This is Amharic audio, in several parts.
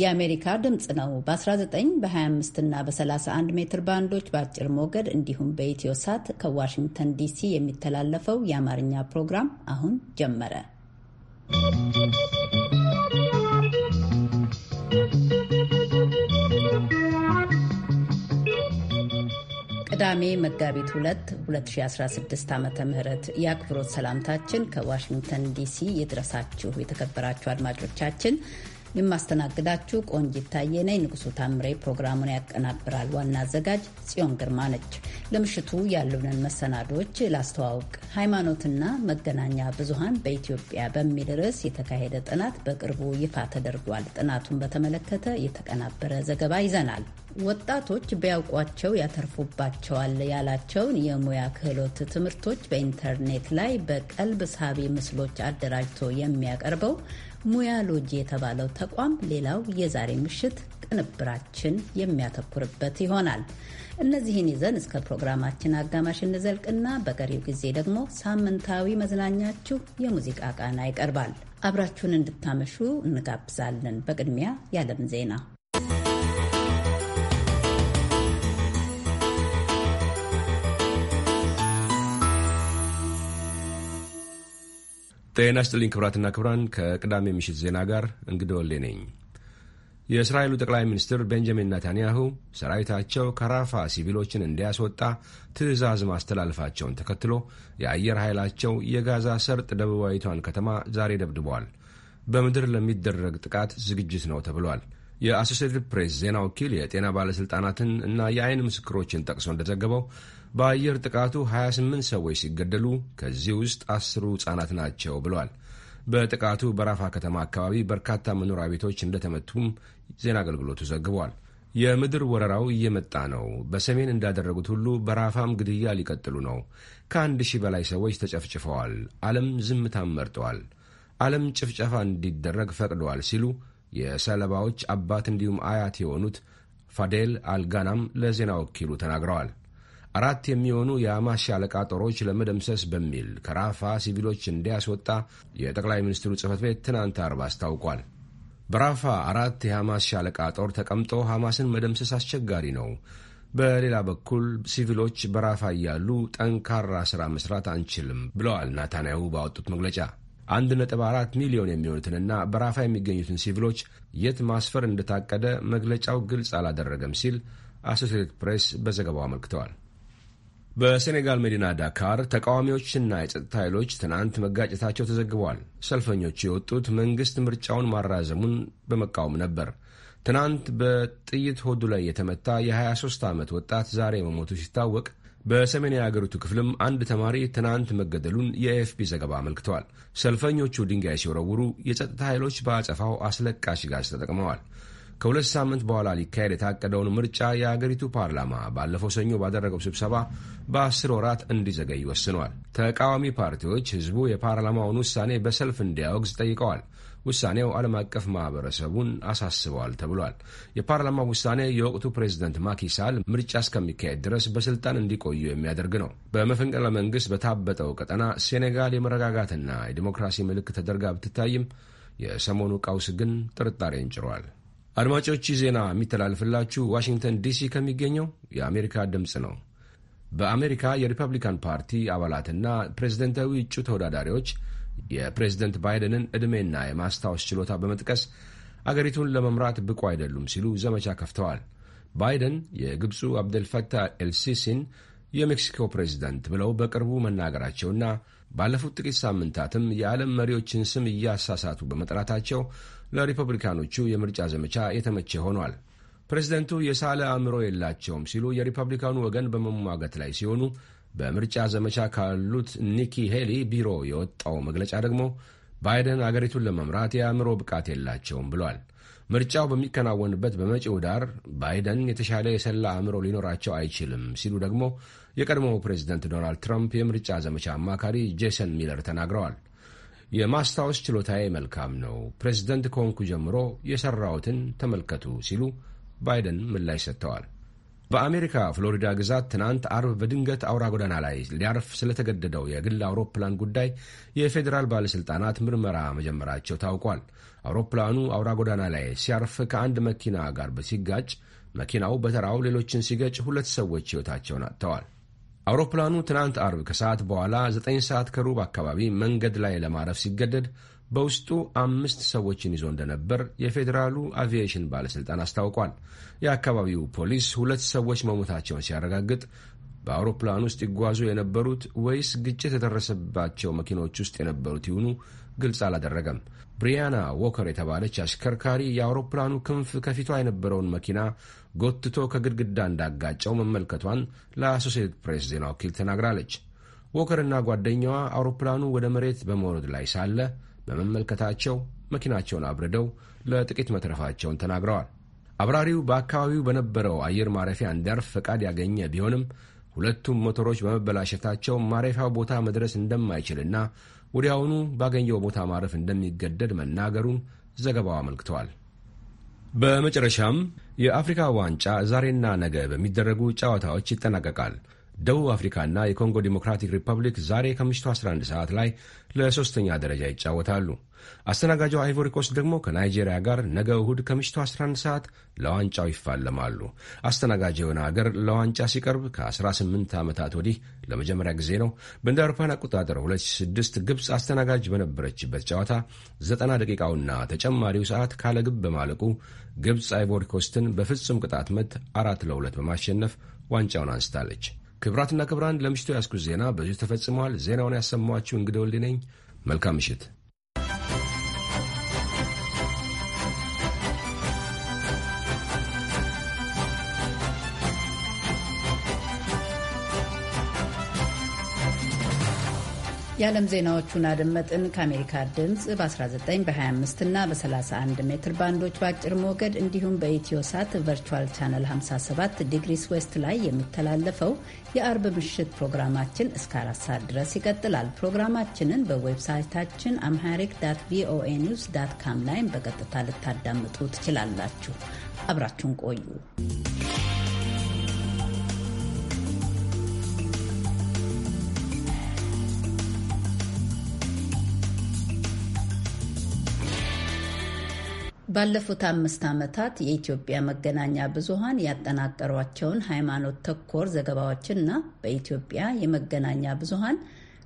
የአሜሪካ ድምፅ ነው። በ19 በ25 እና በ31 ሜትር ባንዶች በአጭር ሞገድ እንዲሁም በኢትዮ ሳት ከዋሽንግተን ዲሲ የሚተላለፈው የአማርኛ ፕሮግራም አሁን ጀመረ። ቅዳሜ መጋቢት 2 2016 ዓ ም የአክብሮት ሰላምታችን ከዋሽንግተን ዲሲ የድረሳችሁ የተከበራችሁ አድማጮቻችን የማስተናግዳችሁ ቆንጅ ታዬ ነኝ። ንጉሱ ታምሬ ፕሮግራሙን ያቀናብራል። ዋና አዘጋጅ ጽዮን ግርማ ነች። ለምሽቱ ያሉንን መሰናዶች ላስተዋውቅ። ሃይማኖትና መገናኛ ብዙሃን በኢትዮጵያ በሚል ርዕስ የተካሄደ ጥናት በቅርቡ ይፋ ተደርጓል። ጥናቱን በተመለከተ የተቀናበረ ዘገባ ይዘናል። ወጣቶች ቢያውቋቸው ያተርፉባቸዋል ያላቸውን የሙያ ክህሎት ትምህርቶች በኢንተርኔት ላይ በቀልብ ሳቢ ምስሎች አደራጅቶ የሚያቀርበው ሙያ ሎጂ የተባለው ተቋም ሌላው የዛሬ ምሽት ቅንብራችን የሚያተኩርበት ይሆናል። እነዚህን ይዘን እስከ ፕሮግራማችን አጋማሽ እንዘልቅና በቀሪው ጊዜ ደግሞ ሳምንታዊ መዝናኛችሁ የሙዚቃ ቃና ይቀርባል። አብራችሁን እንድታመሹ እንጋብዛለን። በቅድሚያ ያለም ዜና ጤና ይስጥልኝ ክብራትና ክብራን፣ ከቅዳሜ ምሽት ዜና ጋር እንግዳ ወሌ ነኝ። የእስራኤሉ ጠቅላይ ሚኒስትር ቤንጃሚን ነታንያሁ ሰራዊታቸው ከራፋ ሲቪሎችን እንዲያስወጣ ትዕዛዝ ማስተላለፋቸውን ተከትሎ የአየር ኃይላቸው የጋዛ ሰርጥ ደቡባዊቷን ከተማ ዛሬ ደብድበዋል። በምድር ለሚደረግ ጥቃት ዝግጅት ነው ተብሏል። የአሶሴትድ ፕሬስ ዜና ወኪል የጤና ባለሥልጣናትን እና የአይን ምስክሮችን ጠቅሶ እንደዘገበው በአየር ጥቃቱ 28 ሰዎች ሲገደሉ ከዚህ ውስጥ አስሩ ሕፃናት ናቸው ብለዋል። በጥቃቱ በራፋ ከተማ አካባቢ በርካታ መኖሪያ ቤቶች እንደተመቱም ዜና አገልግሎቱ ዘግቧል። የምድር ወረራው እየመጣ ነው። በሰሜን እንዳደረጉት ሁሉ በራፋም ግድያ ሊቀጥሉ ነው። ከአንድ ሺህ በላይ ሰዎች ተጨፍጭፈዋል። ዓለም ዝምታም መርጠዋል። ዓለም ጭፍጨፋ እንዲደረግ ፈቅደዋል ሲሉ የሰለባዎች አባት እንዲሁም አያት የሆኑት ፋዴል አልጋናም ለዜና ወኪሉ ተናግረዋል። አራት የሚሆኑ የሐማስ ሻለቃ ጦሮች ለመደምሰስ በሚል ከራፋ ሲቪሎች እንዲያስወጣ የጠቅላይ ሚኒስትሩ ጽህፈት ቤት ትናንት አርብ አስታውቋል። በራፋ አራት የሐማስ ሻለቃ ጦር ተቀምጦ ሐማስን መደምሰስ አስቸጋሪ ነው። በሌላ በኩል ሲቪሎች በራፋ እያሉ ጠንካራ ሥራ መሥራት አንችልም ብለዋል ናታንያሁ ባወጡት መግለጫ 1.4 ሚሊዮን የሚሆኑትንና በራፋ የሚገኙትን ሲቪሎች የት ማስፈር እንደታቀደ መግለጫው ግልጽ አላደረገም ሲል አሶሲኤትድ ፕሬስ በዘገባው አመልክተዋል። በሴኔጋል መዲና ዳካር ተቃዋሚዎችና የጸጥታ ኃይሎች ትናንት መጋጨታቸው ተዘግበዋል። ሰልፈኞቹ የወጡት መንግሥት ምርጫውን ማራዘሙን በመቃወም ነበር። ትናንት በጥይት ሆዱ ላይ የተመታ የ23 ዓመት ወጣት ዛሬ መሞቱ ሲታወቅ በሰሜን የአገሪቱ ክፍልም አንድ ተማሪ ትናንት መገደሉን የኤፍፒ ዘገባ አመልክተዋል። ሰልፈኞቹ ድንጋይ ሲወረውሩ፣ የጸጥታ ኃይሎች በአጸፋው አስለቃሽ ጋዝ ተጠቅመዋል። ከሁለት ሳምንት በኋላ ሊካሄድ የታቀደውን ምርጫ የአገሪቱ ፓርላማ ባለፈው ሰኞ ባደረገው ስብሰባ በአስር ወራት እንዲዘገይ ወስኗል። ተቃዋሚ ፓርቲዎች ሕዝቡ የፓርላማውን ውሳኔ በሰልፍ እንዲያወግዝ ጠይቀዋል። ውሳኔው ዓለም አቀፍ ማህበረሰቡን አሳስበዋል ተብሏል። የፓርላማው ውሳኔ የወቅቱ ፕሬዝደንት ማኪሳል ምርጫ እስከሚካሄድ ድረስ በስልጣን እንዲቆዩ የሚያደርግ ነው። በመፈንቅለ መንግስት በታበጠው ቀጠና ሴኔጋል የመረጋጋትና የዲሞክራሲ ምልክት ተደርጋ ብትታይም የሰሞኑ ቀውስ ግን ጥርጣሬን ጭሯል። አድማጮች ዜና የሚተላልፍላችሁ ዋሽንግተን ዲሲ ከሚገኘው የአሜሪካ ድምፅ ነው። በአሜሪካ የሪፐብሊካን ፓርቲ አባላትና ፕሬዝደንታዊ እጩ ተወዳዳሪዎች የፕሬዝደንት ባይደንን ዕድሜና የማስታወስ ችሎታ በመጥቀስ አገሪቱን ለመምራት ብቁ አይደሉም ሲሉ ዘመቻ ከፍተዋል። ባይደን የግብፁ አብደልፈታህ ኤልሲሲን የሜክሲኮ ፕሬዝደንት ብለው በቅርቡ መናገራቸውና ባለፉት ጥቂት ሳምንታትም የዓለም መሪዎችን ስም እያሳሳቱ በመጥራታቸው ለሪፐብሊካኖቹ የምርጫ ዘመቻ የተመቼ ሆኗል። ፕሬዝደንቱ የሳለ አእምሮ የላቸውም ሲሉ የሪፐብሊካኑ ወገን በመሟገት ላይ ሲሆኑ በምርጫ ዘመቻ ካሉት ኒኪ ሄሊ ቢሮ የወጣው መግለጫ ደግሞ ባይደን አገሪቱን ለመምራት የአእምሮ ብቃት የላቸውም ብሏል። ምርጫው በሚከናወንበት በመጪው ዳር ባይደን የተሻለ የሰላ አእምሮ ሊኖራቸው አይችልም ሲሉ ደግሞ የቀድሞው ፕሬዚደንት ዶናልድ ትራምፕ የምርጫ ዘመቻ አማካሪ ጄሰን ሚለር ተናግረዋል። የማስታወስ ችሎታዬ መልካም ነው፣ ፕሬዚደንት ከሆንኩ ጀምሮ የሰራሁትን ተመልከቱ ሲሉ ባይደን ምላሽ ሰጥተዋል። በአሜሪካ ፍሎሪዳ ግዛት ትናንት አርብ በድንገት አውራ ጎዳና ላይ ሊያርፍ ስለተገደደው የግል አውሮፕላን ጉዳይ የፌዴራል ባለሥልጣናት ምርመራ መጀመራቸው ታውቋል። አውሮፕላኑ አውራ ጎዳና ላይ ሲያርፍ ከአንድ መኪና ጋር ሲጋጭ መኪናው በተራው ሌሎችን ሲገጭ ሁለት ሰዎች ሕይወታቸውን አጥተዋል። አውሮፕላኑ ትናንት አርብ ከሰዓት በኋላ 9 ሰዓት ከሩብ አካባቢ መንገድ ላይ ለማረፍ ሲገደድ በውስጡ አምስት ሰዎችን ይዞ እንደነበር የፌዴራሉ አቪዬሽን ባለሥልጣን አስታውቋል። የአካባቢው ፖሊስ ሁለት ሰዎች መሞታቸውን ሲያረጋግጥ በአውሮፕላን ውስጥ ይጓዙ የነበሩት ወይስ ግጭት የደረሰባቸው መኪኖች ውስጥ የነበሩት ይሁኑ ግልጽ አላደረገም። ብሪያና ዎከር የተባለች አሽከርካሪ የአውሮፕላኑ ክንፍ ከፊቷ የነበረውን መኪና ጎትቶ ከግድግዳ እንዳጋጨው መመልከቷን ለአሶሴትድ ፕሬስ ዜና ወኪል ተናግራለች። ዎከርና ጓደኛዋ አውሮፕላኑ ወደ መሬት በመውረድ ላይ ሳለ በመመልከታቸው መኪናቸውን አብርደው ለጥቂት መትረፋቸውን ተናግረዋል። አብራሪው በአካባቢው በነበረው አየር ማረፊያ እንዲያርፍ ፈቃድ ያገኘ ቢሆንም ሁለቱም ሞተሮች በመበላሸታቸው ማረፊያው ቦታ መድረስ እንደማይችልና ወዲያውኑ ባገኘው ቦታ ማረፍ እንደሚገደድ መናገሩን ዘገባው አመልክተዋል። በመጨረሻም የአፍሪካ ዋንጫ ዛሬና ነገ በሚደረጉ ጨዋታዎች ይጠናቀቃል። ደቡብ አፍሪካና የኮንጎ ዲሞክራቲክ ሪፐብሊክ ዛሬ ከምሽቱ 11 ሰዓት ላይ ለሦስተኛ ደረጃ ይጫወታሉ። አስተናጋጇ አይቮሪ ኮስት ደግሞ ከናይጄሪያ ጋር ነገ እሁድ ከምሽቱ 11 ሰዓት ለዋንጫው ይፋለማሉ። አስተናጋጅ የሆነ ሀገር ለዋንጫ ሲቀርብ ከ18 ዓመታት ወዲህ ለመጀመሪያ ጊዜ ነው። በእንደ አውሮፓውያን አቆጣጠር 2006 ግብፅ አስተናጋጅ በነበረችበት ጨዋታ 90 ደቂቃውና ተጨማሪው ሰዓት ካለ ግብ በማለቁ ግብፅ አይቮሪ ኮስትን በፍጹም ቅጣት ምት አራት ለሁለት በማሸነፍ ዋንጫውን አንስታለች። ክብራትና ክብራን ለምሽቱ ያስኩት ዜና በዚሁ ተፈጽመዋል። ዜናውን ያሰማኋችሁ እንግዳ ወልድ ነኝ። መልካም ምሽት። የዓለም ዜናዎቹን አደመጥን። ከአሜሪካ ድምፅ በ19 በ25 እና በ31 ሜትር ባንዶች በአጭር ሞገድ እንዲሁም በኢትዮ ሳት ቨርቹዋል ቻነል 57 ዲግሪስ ዌስት ላይ የሚተላለፈው የአርብ ምሽት ፕሮግራማችን እስከ አራት ሰዓት ድረስ ይቀጥላል። ፕሮግራማችንን በዌብሳይታችን አምሃሪክ ዳት ቪኦኤ ኒውስ ዳት ካም ላይም በቀጥታ ልታዳምጡ ትችላላችሁ። አብራችሁን ቆዩ። ባለፉት አምስት ዓመታት የኢትዮጵያ መገናኛ ብዙሃን ያጠናቀሯቸውን ሃይማኖት ተኮር ዘገባዎችና በኢትዮጵያ የመገናኛ ብዙሃን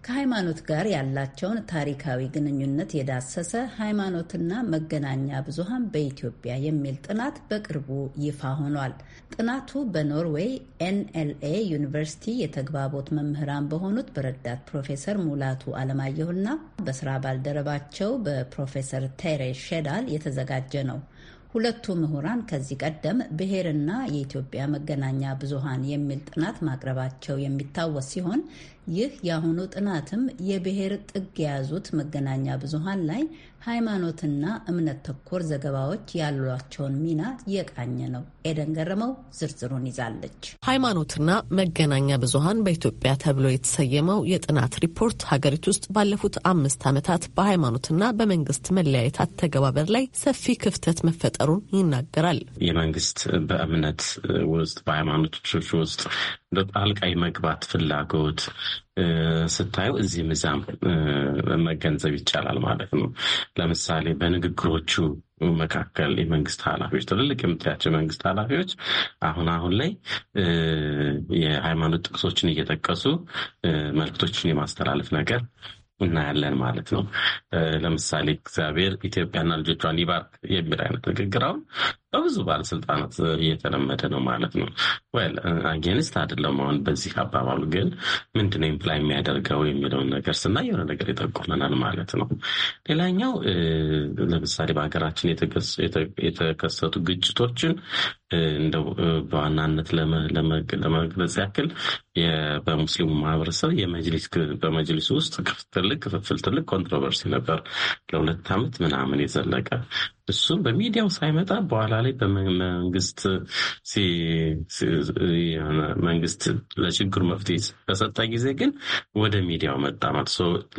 ከሃይማኖት ጋር ያላቸውን ታሪካዊ ግንኙነት የዳሰሰ ሃይማኖትና መገናኛ ብዙሃን በኢትዮጵያ የሚል ጥናት በቅርቡ ይፋ ሆኗል። ጥናቱ በኖርዌይ ኤንኤልኤ ዩኒቨርሲቲ የተግባቦት መምህራን በሆኑት በረዳት ፕሮፌሰር ሙላቱ አለማየሁና በስራ ባልደረባቸው በፕሮፌሰር ቴሬ ሼዳል የተዘጋጀ ነው። ሁለቱ ምሁራን ከዚህ ቀደም ብሔርና የኢትዮጵያ መገናኛ ብዙሃን የሚል ጥናት ማቅረባቸው የሚታወስ ሲሆን ይህ የአሁኑ ጥናትም የብሔር ጥግ የያዙት መገናኛ ብዙሃን ላይ ሃይማኖትና እምነት ተኮር ዘገባዎች ያሏቸውን ሚና የቃኘ ነው። ኤደን ገረመው ዝርዝሩን ይዛለች። ሃይማኖትና መገናኛ ብዙሃን በኢትዮጵያ ተብሎ የተሰየመው የጥናት ሪፖርት ሀገሪቱ ውስጥ ባለፉት አምስት ዓመታት በሃይማኖትና በመንግስት መለያየት አተገባበር ላይ ሰፊ ክፍተት መፈጠሩን ይናገራል። የመንግስት በእምነት ውስጥ በሃይማኖቶች ውስጥ ጣልቃ መግባት ፍላጎት ስታዩ እዚህም እዚያም መገንዘብ ይቻላል ማለት ነው። ለምሳሌ በንግግሮቹ መካከል የመንግስት ኃላፊዎች ትልልቅ የምታያቸው የመንግስት ኃላፊዎች አሁን አሁን ላይ የሃይማኖት ጥቅሶችን እየጠቀሱ መልክቶችን የማስተላለፍ ነገር እናያለን ማለት ነው። ለምሳሌ እግዚአብሔር ኢትዮጵያና ልጆቿን ይባርክ የሚል አይነት ንግግር አሁን በብዙ ባለስልጣናት እየተለመደ ነው ማለት ነው። ወል አጌንስት አይደለም። አሁን በዚህ አባባሉ ግን ምንድነው ኢምፕላይ የሚያደርገው የሚለውን ነገር ስናይ የሆነ ነገር ይጠቁመናል ማለት ነው። ሌላኛው ለምሳሌ በሀገራችን የተከሰቱ ግጭቶችን እንደው በዋናነት ለመግለጽ ያክል በሙስሊሙ ማህበረሰብ በመጅሊስ ውስጥ ትልቅ ክፍፍል፣ ትልቅ ኮንትሮቨርሲ ነበር ለሁለት ዓመት ምናምን የዘለቀ እሱም በሚዲያው ሳይመጣ በኋላ ላይ በመንግስት መንግስት ለችግሩ መፍትሄ በሰጠ ጊዜ ግን ወደ ሚዲያው መጣ ማለት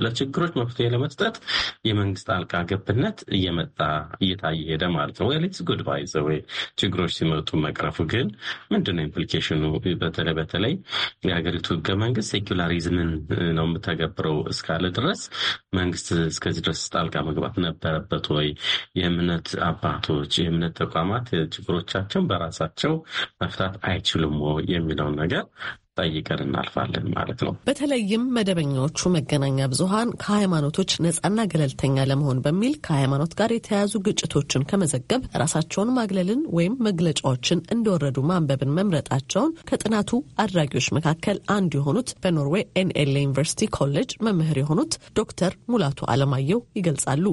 ለችግሮች መፍትሄ ለመስጠት የመንግስት አልቃ ገብነት እየመጣ እየታየ ሄደ ማለት ነው። ወይ ጉድ ባይ ዘ ወይ ችግሮች ሲመጡ መቅረፉ ግን ምንድነው ኢምፕሊኬሽኑ? በተለይ በተለይ የሀገሪቱ ህገ መንግስት ሴኩላሪዝምን ነው የምተገብረው እስካለ ድረስ መንግስት እስከዚህ ድረስ ጣልቃ መግባት ነበረበት ወይ? የእምነት አባቶች፣ የእምነት ተቋማት ችግሮቻቸውን በራሳቸው መፍታት አይችሉም የሚለውን ነገር ጠይቀን እናልፋለን ማለት ነው። በተለይም መደበኛዎቹ መገናኛ ብዙሀን ከሃይማኖቶች ነጻና ገለልተኛ ለመሆን በሚል ከሃይማኖት ጋር የተያያዙ ግጭቶችን ከመዘገብ ራሳቸውን ማግለልን ወይም መግለጫዎችን እንደወረዱ ማንበብን መምረጣቸውን ከጥናቱ አድራጊዎች መካከል አንዱ የሆኑት በኖርዌይ ኤንኤል ዩኒቨርሲቲ ኮሌጅ መምህር የሆኑት ዶክተር ሙላቱ አለማየሁ ይገልጻሉ።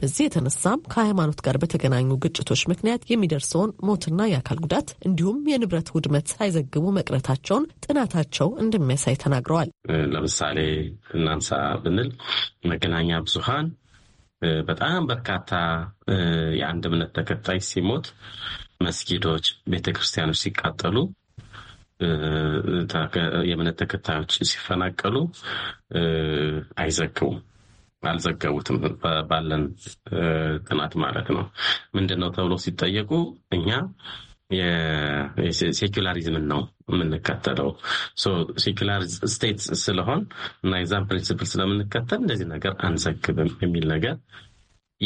በዚህ የተነሳም ከሃይማኖት ጋር በተገናኙ ግጭቶች ምክንያት የሚደርሰውን ሞትና የአካል ጉዳት እንዲሁም የንብረት ውድመት ሳይዘግቡ መቅረታቸውን ጥናት መምጣታቸው እንደሚያሳይ ተናግረዋል። ለምሳሌ እናንሳ ብንል መገናኛ ብዙሃን በጣም በርካታ የአንድ እምነት ተከታይ ሲሞት፣ መስጊዶች፣ ቤተክርስቲያኖች ሲቃጠሉ የእምነት ተከታዮች ሲፈናቀሉ አይዘግቡም። አልዘገቡትም። ባለን ጥናት ማለት ነው። ምንድን ነው ተብሎ ሲጠየቁ እኛ ሴኩላሪዝምን ነው የምንከተለው። ሴኩላር ስቴት ስለሆን እና የዛን ፕሪንስፕል ስለምንከተል እንደዚህ ነገር አንዘግብም የሚል ነገር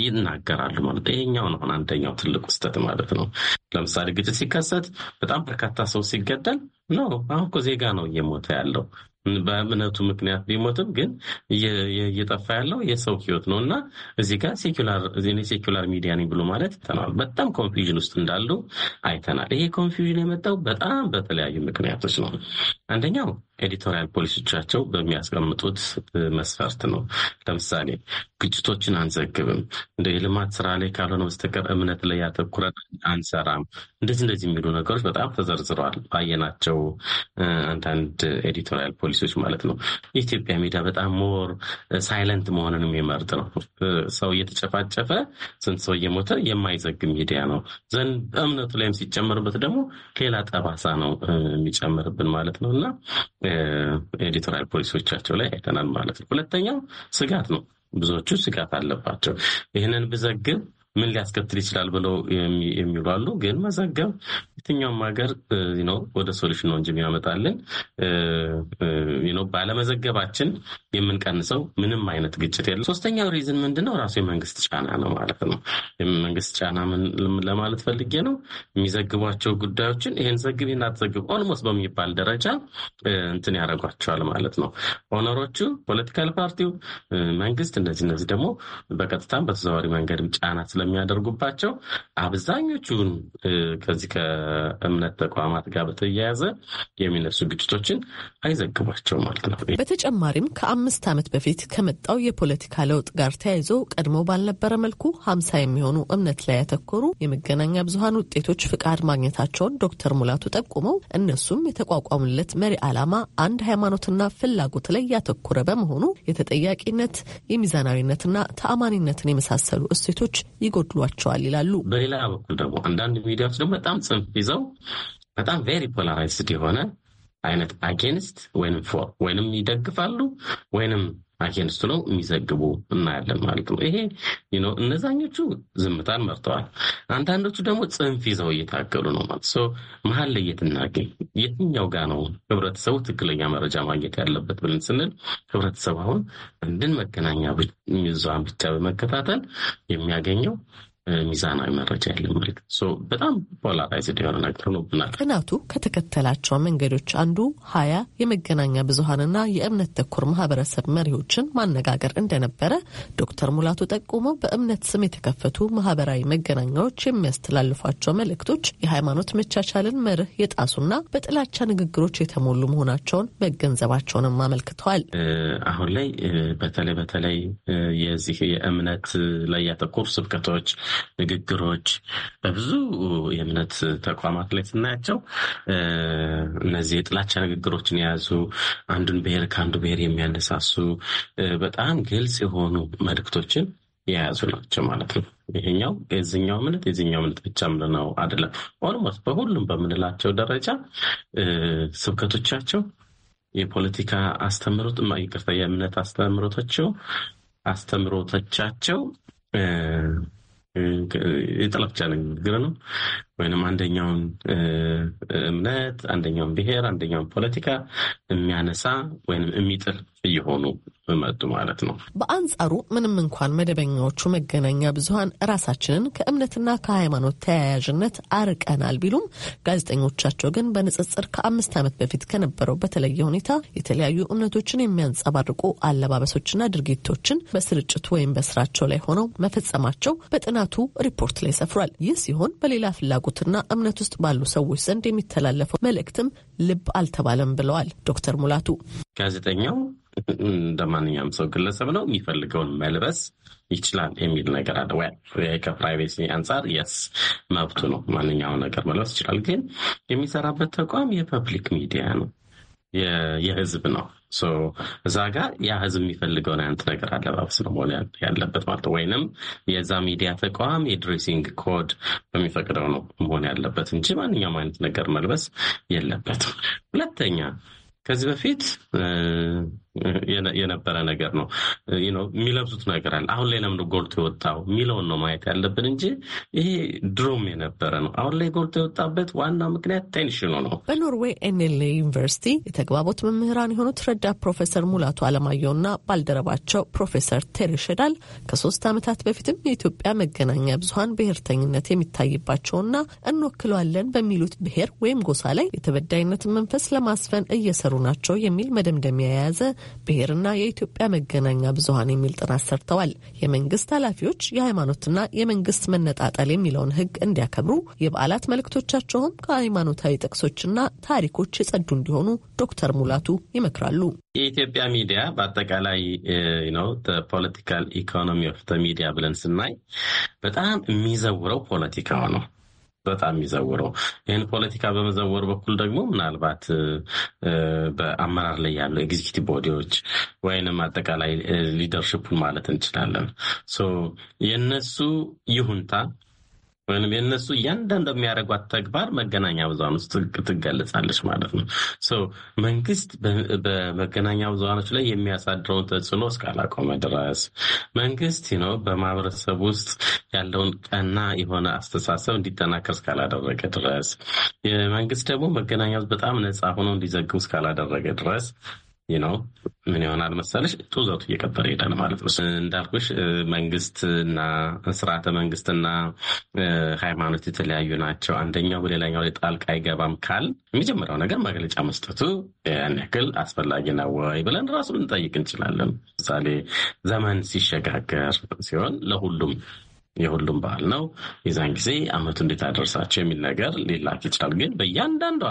ይናገራሉ ማለት ይሄኛው ነው አንደኛው ትልቅ ውስጠት ማለት ነው። ለምሳሌ ግጭት ሲከሰት በጣም በርካታ ሰው ሲገደል ነው አሁን እኮ ዜጋ ነው እየሞተ ያለው በእምነቱ ምክንያት ቢሞትም ግን እየጠፋ ያለው የሰው ህይወት ነው እና እዚህ ጋር ሴኩላር ሚዲያ ነኝ ብሎ ማለት ተናል በጣም ኮንፊውዥን ውስጥ እንዳሉ አይተናል። ይሄ ኮንፊውዥን የመጣው በጣም በተለያዩ ምክንያቶች ነው። አንደኛው ኤዲቶሪያል ፖሊሲዎቻቸው በሚያስቀምጡት መስፈርት ነው። ለምሳሌ ግጭቶችን አንዘግብም፣ እንደ የልማት ስራ ላይ ካልሆነ በስተቀር እምነት ላይ ያተኩረን አንሰራም፣ እንደዚህ እንደዚህ የሚሉ ነገሮች በጣም ተዘርዝረዋል። ባየናቸው አንዳንድ ኤዲቶሪያል ፖሊሲዎች ማለት ነው። የኢትዮጵያ ሚዲያ በጣም ሞር ሳይለንት መሆንን የሚመርጥ ነው። ሰው እየተጨፋጨፈ ስንት ሰው እየሞተ የማይዘግብ ሚዲያ ነው። ዘንድ እምነቱ ላይም ሲጨመርበት ደግሞ ሌላ ጠባሳ ነው የሚጨምርብን ማለት ነው እና ኤዲቶሪያል ፖሊሲዎቻቸው ላይ አይተናል ማለት ነው። ሁለተኛው ስጋት ነው። ብዙዎቹ ስጋት አለባቸው። ይህንን ብዘግብ ምን ሊያስከትል ይችላል ብለው የሚሉ አሉ። ግን መዘገብ የትኛውም ሀገር ነው ወደ ሶሉሽን ነው እንጂ የሚያመጣልን ባለመዘገባችን የምንቀንሰው ምንም አይነት ግጭት የለም። ሶስተኛው ሪዝን ምንድነው? ራሱ የመንግስት ጫና ነው ማለት ነው። መንግስት ጫና ለማለት ፈልጌ ነው። የሚዘግቧቸው ጉዳዮችን ይህን ዘግብ ይህን አትዘግብ ኦልሞስት በሚባል ደረጃ እንትን ያደርጓቸዋል ማለት ነው። ኦነሮቹ፣ ፖለቲካል ፓርቲው፣ መንግስት እነዚህ እነዚህ ደግሞ በቀጥታም በተዘዋዋሪ መንገድ ጫና ስለሚያደርጉባቸው አብዛኞቹን ከዚህ ከእምነት ተቋማት ጋር በተያያዘ የሚነሱ ግጭቶችን አይዘግቧቸው ማለት ነው። በተጨማሪም ከአምስት ዓመት በፊት ከመጣው የፖለቲካ ለውጥ ጋር ተያይዞ ቀድሞ ባልነበረ መልኩ ሀምሳ የሚሆኑ እምነት ላይ ያተኮሩ የመገናኛ ብዙሀን ውጤቶች ፍቃድ ማግኘታቸውን ዶክተር ሙላቱ ጠቁመው እነሱም የተቋቋሙለት መሪ ዓላማ አንድ ሃይማኖትና ፍላጎት ላይ ያተኮረ በመሆኑ የተጠያቂነት የሚዛናዊነትና ተአማኒነትን የመሳሰሉ እሴቶች ይጎድሏቸዋል ይላሉ። በሌላ በኩል ደግሞ አንዳንድ ሚዲያዎች ደግሞ በጣም ጽንፍ ይዘው በጣም ቬሪ ፖላራይዝድ የሆነ አይነት አጌንስት ወይንም ፎር ወይንም ይደግፋሉ ወይንም አጌንስቱ ነው የሚዘግቡ እናያለን ማለት ነው። ይሄ እነዛኞቹ ዝምታን መርተዋል። አንዳንዶቹ ደግሞ ጽንፍ ይዘው እየታገሉ ነው ማለት ሰው መሀል ላይ የትናገኝ የትኛው ጋ ነው ህብረተሰቡ ትክክለኛ መረጃ ማግኘት ያለበት ብለን ስንል ህብረተሰቡ አሁን አንድን መገናኛ ብዙሃን ብቻ በመከታተል የሚያገኘው ሚዛናዊ መረጃ ያለ ማለት በጣም ፖላራይዝድ የሆነ ነገር ነው ጥናቱ ከተከተላቸው መንገዶች አንዱ ሀያ የመገናኛ ብዙሀንና የእምነት ተኮር ማህበረሰብ መሪዎችን ማነጋገር እንደነበረ ዶክተር ሙላቱ ጠቁሞ በእምነት ስም የተከፈቱ ማህበራዊ መገናኛዎች የሚያስተላልፏቸው መልእክቶች የሃይማኖት መቻቻልን መርህ የጣሱና በጥላቻ ንግግሮች የተሞሉ መሆናቸውን መገንዘባቸውንም አመልክተዋል። አሁን ላይ በተለይ በተለይ የዚህ የእምነት ላይ ያተኮሩ ስብከቶች ንግግሮች በብዙ የእምነት ተቋማት ላይ ስናያቸው እነዚህ የጥላቻ ንግግሮችን የያዙ አንዱን ብሔር ከአንዱ ብሔር የሚያነሳሱ በጣም ግልጽ የሆኑ መልእክቶችን የያዙ ናቸው ማለት ነው። ይሄኛው የዚኛው እምነት የዚኛው እምነት ብቻ ምንነው አይደለም። ኦልሞስት በሁሉም በምንላቸው ደረጃ ስብከቶቻቸው የፖለቲካ አስተምሮት ይቅርታ፣ የእምነት አስተምሮቶቸው አስተምሮቶቻቸው የጥላቻ ንግግር ነው። ወይም አንደኛውን እምነት፣ አንደኛውን ብሔር፣ አንደኛውን ፖለቲካ የሚያነሳ ወይም የሚጥል እየሆኑ መጡ ማለት ነው። በአንጻሩ ምንም እንኳን መደበኛዎቹ መገናኛ ብዙኃን ራሳችንን ከእምነትና ከሃይማኖት ተያያዥነት አርቀናል ቢሉም ጋዜጠኞቻቸው ግን በንጽጽር ከአምስት ዓመት በፊት ከነበረው በተለየ ሁኔታ የተለያዩ እምነቶችን የሚያንጸባርቁ አለባበሶችና ድርጊቶችን በስርጭቱ ወይም በስራቸው ላይ ሆነው መፈጸማቸው በጥናቱ ሪፖርት ላይ ሰፍሯል። ይህ ሲሆን በሌላ ፍላጎ በራቁትና እምነት ውስጥ ባሉ ሰዎች ዘንድ የሚተላለፈው መልእክትም ልብ አልተባለም ብለዋል ዶክተር ሙላቱ። ጋዜጠኛው እንደ ማንኛውም ሰው ግለሰብ ነው፣ የሚፈልገውን መልበስ ይችላል የሚል ነገር አለ። ከፕራይቬሲ አንጻር የስ መብቱ ነው፣ ማንኛውም ነገር መልበስ ይችላል። ግን የሚሰራበት ተቋም የፐብሊክ ሚዲያ ነው፣ የህዝብ ነው እዛ ጋር ያ ህዝብ የሚፈልገውን አይነት ነገር አለባበስ ነው መሆን ያለበት ማለት ነው። ወይንም የዛ ሚዲያ ተቋም የድሬሲንግ ኮድ በሚፈቅደው ነው መሆን ያለበት እንጂ ማንኛውም አይነት ነገር መልበስ የለበትም። ሁለተኛ ከዚህ በፊት የነበረ ነገር ነው። የሚለብሱት ነገር አለ። አሁን ላይ ለምን ጎልቶ የወጣው የሚለውን ነው ማየት ያለብን እንጂ ይሄ ድሮም የነበረ ነው። አሁን ላይ ጎልቶ የወጣበት ዋና ምክንያት ቴንሽኑ ነው። በኖርዌይ ኤንኤልኤ ዩኒቨርሲቲ የተግባቦት መምህራን የሆኑት ረዳት ፕሮፌሰር ሙላቱ አለማየሁና ባልደረባቸው ፕሮፌሰር ቴሪ ሸዳል ከሶስት ዓመታት በፊትም የኢትዮጵያ መገናኛ ብዙሀን ብሔርተኝነት የሚታይባቸውና እንወክለዋለን በሚሉት ብሔር ወይም ጎሳ ላይ የተበዳይነትን መንፈስ ለማስፈን እየሰሩ ናቸው የሚል መደምደሚያ የያዘ ብሔርና የኢትዮጵያ መገናኛ ብዙሀን የሚል ጥናት ሰርተዋል። የመንግስት ኃላፊዎች የሃይማኖትና የመንግስት መነጣጠል የሚለውን ህግ እንዲያከብሩ፣ የበዓላት መልእክቶቻቸውም ከሃይማኖታዊ ጥቅሶችና ታሪኮች የጸዱ እንዲሆኑ ዶክተር ሙላቱ ይመክራሉ። የኢትዮጵያ ሚዲያ በአጠቃላይ ነው ፖለቲካል ኢኮኖሚ ኦፍ ሚዲያ ብለን ስናይ በጣም የሚዘውረው ፖለቲካው ነው። በጣም የሚዘውረው ይህን ፖለቲካ በመዘወር በኩል ደግሞ ምናልባት በአመራር ላይ ያሉ ኤግዚኪቲቭ ቦዲዎች ወይንም አጠቃላይ ሊደርሽፑን ማለት እንችላለን የነሱ ይሁንታ ወይም የእነሱ እያንዳንዱ የሚያደርጓት ተግባር መገናኛ ብዙሃን ውስጥ ትገለጻለች ማለት ነው። መንግስት በመገናኛ ብዙሃኖች ላይ የሚያሳድረውን ተጽዕኖ እስካላቆመ ድረስ መንግስት ነው በማህበረሰብ ውስጥ ያለውን ቀና የሆነ አስተሳሰብ እንዲጠናከር እስካላደረገ ድረስ መንግስት ደግሞ መገናኛ በጣም ነፃ ሆኖ እንዲዘግቡ እስካላደረገ ድረስ ነው ምን ይሆናል መሰለሽ ጡዘቱ እየቀጠለ ይሄዳል ማለት ነው። እንዳልኩሽ መንግስትና ስርዓተ መንግስትና ሃይማኖት የተለያዩ ናቸው። አንደኛው በሌላኛው ላይ ጣልቃ አይገባም ካል የሚጀምረው ነገር መግለጫ መስጠቱ ያን ያክል አስፈላጊ ነው ወይ ብለን ራሱ ልንጠይቅ እንችላለን። ምሳሌ ዘመን ሲሸጋገር ሲሆን ለሁሉም የሁሉም በዓል ነው የዛን ጊዜ አመቱ እንዴት አደርሳቸው የሚል ነገር ሊላክ ይችላል። ግን በእያንዳንዷ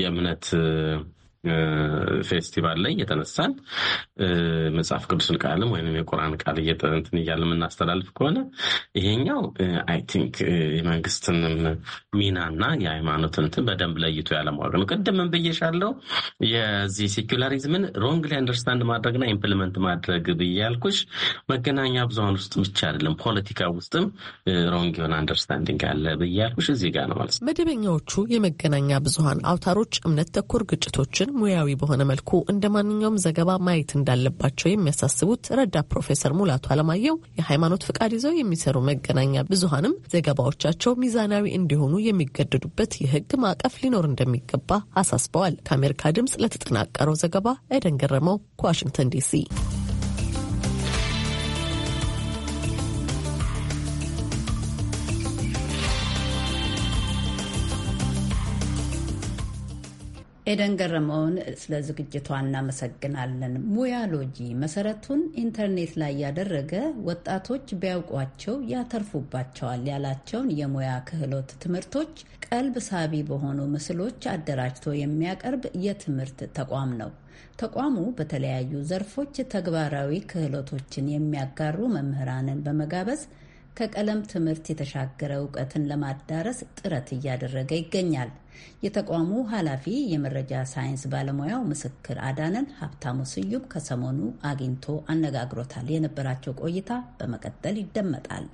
የእምነት ፌስቲቫል ላይ እየተነሳን መጽሐፍ ቅዱስን ቃልም ወይም የቁርአን ቃል እየጠንትን እያለ የምናስተላልፍ ከሆነ ይሄኛው አይ ቲንክ የመንግስትንም ሚናና የሃይማኖት እንትን በደንብ ለይቶ ያለማወቅ ነው። ቅድምን ብዬሻለው የዚህ ሴኩላሪዝምን ሮንግሊ አንደርስታንድ ማድረግና ኢምፕሊመንት ማድረግ ብዬ ያልኩሽ መገናኛ ብዙሀን ውስጥ ብቻ አይደለም፣ ፖለቲካ ውስጥም ሮንግ የሆነ አንደርስታንዲንግ አለ ብዬ ያልኩሽ እዚህ ጋር ነው ማለት ነው። መደበኛዎቹ የመገናኛ ብዙሀን አውታሮች እምነት ተኮር ግጭቶችን ሙያዊ በሆነ መልኩ እንደ ማንኛውም ዘገባ ማየት እንዳለባቸው የሚያሳስቡት ረዳት ፕሮፌሰር ሙላቱ አለማየሁ የሃይማኖት ፍቃድ ይዘው የሚሰሩ መገናኛ ብዙሀንም ዘገባዎቻቸው ሚዛናዊ እንዲሆኑ የሚገደዱበት የህግ ማዕቀፍ ሊኖር እንደሚገባ አሳስበዋል። ከአሜሪካ ድምጽ ለተጠናቀረው ዘገባ ኤደን ገረመው ከዋሽንግተን ዲሲ ኤደን ገረመውን ስለ ዝግጅቷ እናመሰግናለን። ሙያ ሎጂ መሰረቱን ኢንተርኔት ላይ ያደረገ ወጣቶች ቢያውቋቸው ያተርፉባቸዋል ያላቸውን የሙያ ክህሎት ትምህርቶች ቀልብ ሳቢ በሆኑ ምስሎች አደራጅቶ የሚያቀርብ የትምህርት ተቋም ነው። ተቋሙ በተለያዩ ዘርፎች ተግባራዊ ክህሎቶችን የሚያጋሩ መምህራንን በመጋበዝ ከቀለም ትምህርት የተሻገረ እውቀትን ለማዳረስ ጥረት እያደረገ ይገኛል። የተቋሙ ኃላፊ የመረጃ ሳይንስ ባለሙያው ምስክር አዳነን ሀብታሙ ስዩም ከሰሞኑ አግኝቶ አነጋግሮታል። የነበራቸው ቆይታ በመቀጠል ይደመጣል።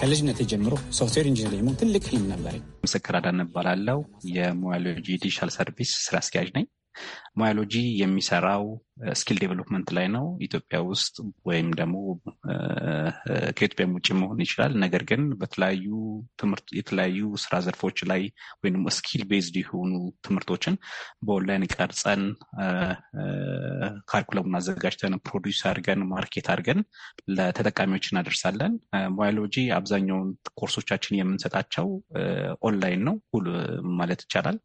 ከልጅነት ጀምሮ ሶፍትዌር ኢንጂነር መሆን ትልቅ ህልም ነበረኝ። ምስክር አዳነ እባላለሁ። የሞያሎጂ ዲጂታል ሰርቪስ ስራ አስኪያጅ ነኝ። ማዮሎጂ የሚሰራው ስኪል ዴቨሎፕመንት ላይ ነው። ኢትዮጵያ ውስጥ ወይም ደግሞ ከኢትዮጵያም ውጭ መሆን ይችላል። ነገር ግን በተለያዩ ትምህርት የተለያዩ ስራ ዘርፎች ላይ ወይም ስኪል ቤዝድ የሆኑ ትምህርቶችን በኦንላይን ቀርጸን ካሪኩለሙን አዘጋጅተን ፕሮዲስ አድርገን ማርኬት አድርገን ለተጠቃሚዎች እናደርሳለን። ባዮሎጂ አብዛኛውን ኮርሶቻችን የምንሰጣቸው ኦንላይን ነው ሁሉ ማለት ይቻላል።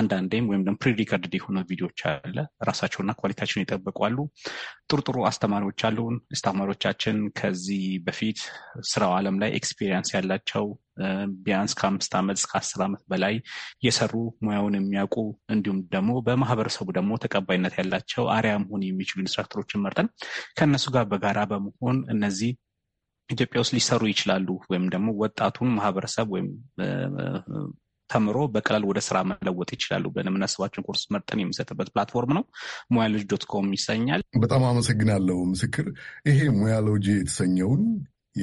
አንዳንዴም ወይም ደግሞ ፕሪሪከርድ የሆነ ቪዲዮዎች አለ። ራሳቸውና ኳሊቲያቸውን የጠበቁ አሉ። ጥሩ ጥሩ አስተማሪዎች አሉን። አስተማሪዎቻችን ከዚህ በፊት ስራው ዓለም ላይ ኤክስፔሪየንስ ያላቸው ቢያንስ ከአምስት ዓመት እስከ አስር ዓመት በላይ የሰሩ ሙያውን የሚያውቁ እንዲሁም ደግሞ በማህበረሰቡ ደግሞ ተቀባይነት ያላቸው አሪያ መሆን የሚችሉ ኢንስትራክተሮችን መርጠን ከእነሱ ጋር በጋራ በመሆን እነዚህ ኢትዮጵያ ውስጥ ሊሰሩ ይችላሉ ወይም ደግሞ ወጣቱን ማህበረሰብ ወይም ተምሮ በቀላል ወደ ስራ መለወጥ ይችላሉ ብለን የምናስባቸውን ኮርስ መርጠን የሚሰጥበት ፕላትፎርም ነው። ሙያ ልጅ ዶት ኮም ይሰኛል። በጣም አመሰግናለሁ ምስክር። ይሄ ሙያ ሎጂ የተሰኘውን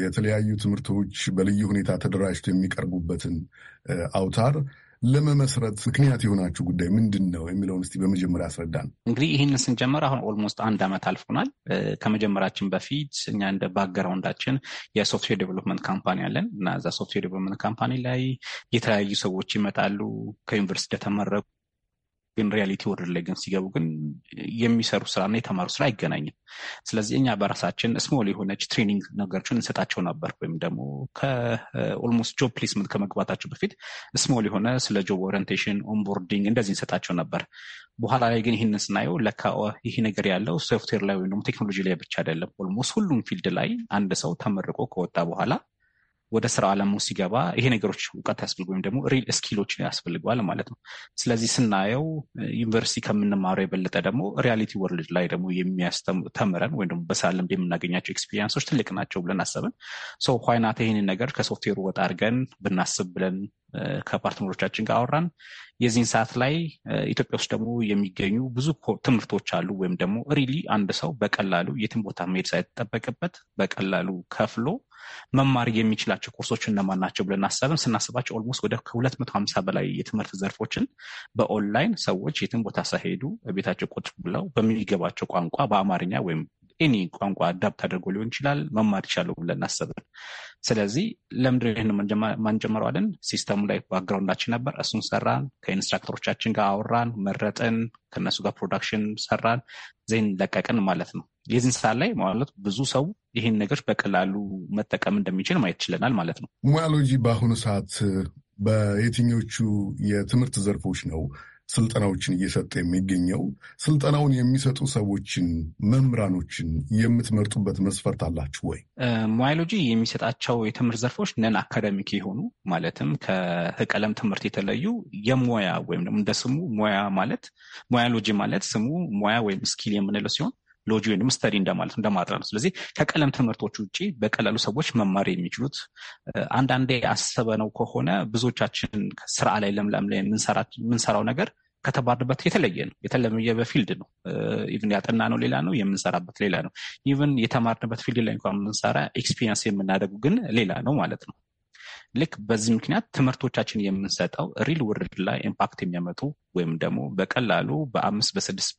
የተለያዩ ትምህርቶች በልዩ ሁኔታ ተደራጅተው የሚቀርቡበትን አውታር ለመመስረት ምክንያት የሆናችሁ ጉዳይ ምንድን ነው የሚለውን እስቲ በመጀመሪያ ያስረዳን። እንግዲህ ይህንን ስንጀምር አሁን ኦልሞስት አንድ ዓመት አልፎናል። ከመጀመራችን በፊት እኛ እንደ ባክግራውንዳችን የሶፍትዌር ዴቨሎፕመንት ካምፓኒ አለን እና እዛ ሶፍትዌር ዴቨሎፕመንት ካምፓኒ ላይ የተለያዩ ሰዎች ይመጣሉ ከዩኒቨርሲቲ የተመረቁ ግን ሪያሊቲ ወርድ ላይ ግን ሲገቡ ግን የሚሰሩ ስራና የተማሩ ስራ አይገናኝም። ስለዚህ እኛ በራሳችን ስሞል የሆነች ትሬኒንግ ነገሮችን እንሰጣቸው ነበር። ወይም ደግሞ ከኦልሞስት ጆብ ፕሌስመንት ከመግባታቸው በፊት ስሞል የሆነ ስለ ጆብ ኦሪንቴሽን፣ ኦንቦርዲንግ እንደዚህ እንሰጣቸው ነበር። በኋላ ላይ ግን ይህንን ስናየው ለካ ይህ ነገር ያለው ሶፍትዌር ላይ ወይም ደግሞ ቴክኖሎጂ ላይ ብቻ አይደለም። ኦልሞስት ሁሉም ፊልድ ላይ አንድ ሰው ተመርቆ ከወጣ በኋላ ወደ ስራ ዓለሙ ሲገባ ይሄ ነገሮች እውቀት ያስፈልግ ወይም ደግሞ ሪል ስኪሎች ያስፈልገዋል ማለት ነው። ስለዚህ ስናየው ዩኒቨርሲቲ ከምንማረው የበለጠ ደግሞ ሪያሊቲ ወርልድ ላይ ደግሞ የሚያስተምረን ወይም ደግሞ በስራ ልምድ የምናገኛቸው ኤክስፒሪየንሶች ትልቅ ናቸው ብለን አሰብን። ሶ ኋይናት ይህንን ነገር ከሶፍትዌሩ ወጣ አድርገን ብናስብ ብለን ከፓርትነሮቻችን ጋር አወራን። የዚህን ሰዓት ላይ ኢትዮጵያ ውስጥ ደግሞ የሚገኙ ብዙ ትምህርቶች አሉ። ወይም ደግሞ ሪሊ አንድ ሰው በቀላሉ የትም ቦታ መሄድ ሳይጠበቅበት በቀላሉ ከፍሎ መማር የሚችላቸው ኮርሶች እነማን ናቸው ብለን አሰብን። ስናስባቸው ኦልሞስት ወደ ከሁለት መቶ ሀምሳ በላይ የትምህርት ዘርፎችን በኦንላይን ሰዎች የትም ቦታ ሳይሄዱ ቤታቸው ቁጭ ብለው በሚገባቸው ቋንቋ በአማርኛ ወይም ኤኒ ቋንቋ አዳፕት አድርጎ ሊሆን ይችላል መማር ይችላሉ ብለን አሰብን። ስለዚህ ለምንድን ይህን ማንጀመረዋለን ሲስተሙ ላይ ባክግራውንዳችን ነበር፣ እሱን ሰራን። ከኢንስትራክተሮቻችን ጋር አወራን፣ መረጥን፣ ከእነሱ ጋር ፕሮዳክሽን ሰራን፣ ዜን ለቀቅን ማለት ነው። የዚህን ሰዓት ላይ ማለት ብዙ ሰው ይህን ነገር በቀላሉ መጠቀም እንደሚችል ማየት ችለናል ማለት ነው። ሙያሎጂ በአሁኑ ሰዓት በየትኞቹ የትምህርት ዘርፎች ነው ስልጠናዎችን እየሰጠ የሚገኘው? ስልጠናውን የሚሰጡ ሰዎችን፣ መምህራኖችን የምትመርጡበት መስፈርት አላችሁ ወይ? ሙያሎጂ የሚሰጣቸው የትምህርት ዘርፎች ነን አካደሚክ የሆኑ ማለትም ከቀለም ትምህርት የተለዩ የሙያ ወይም ደግሞ እንደ ስሙ ሙያ ማለት ሙያሎጂ ማለት ስሙ ሙያ ወይም ስኪል የምንለው ሲሆን ሎጂ ወይም ስተዲ እንደማለት እንደማጥረ ነው። ስለዚህ ከቀለም ትምህርቶች ውጭ በቀላሉ ሰዎች መማር የሚችሉት አንዳንዴ አሰበ ነው ከሆነ ብዙዎቻችን ስራ ላይ ለምለም ላይ የምንሰራው ነገር ከተማርንበት የተለየ ነው። የተለየ በፊልድ ነው። ኢቭን ያጠና ነው ሌላ ነው፣ የምንሰራበት ሌላ ነው። ኢቭን የተማርንበት ፊልድ ላይ እንኳን የምንሰራ ኤክስፒሪንስ የምናደጉ ግን ሌላ ነው ማለት ነው። ልክ በዚህ ምክንያት ትምህርቶቻችን የምንሰጠው ሪል ውርድ ላይ ኢምፓክት የሚያመጡ ወይም ደግሞ በቀላሉ በአምስት በስድስት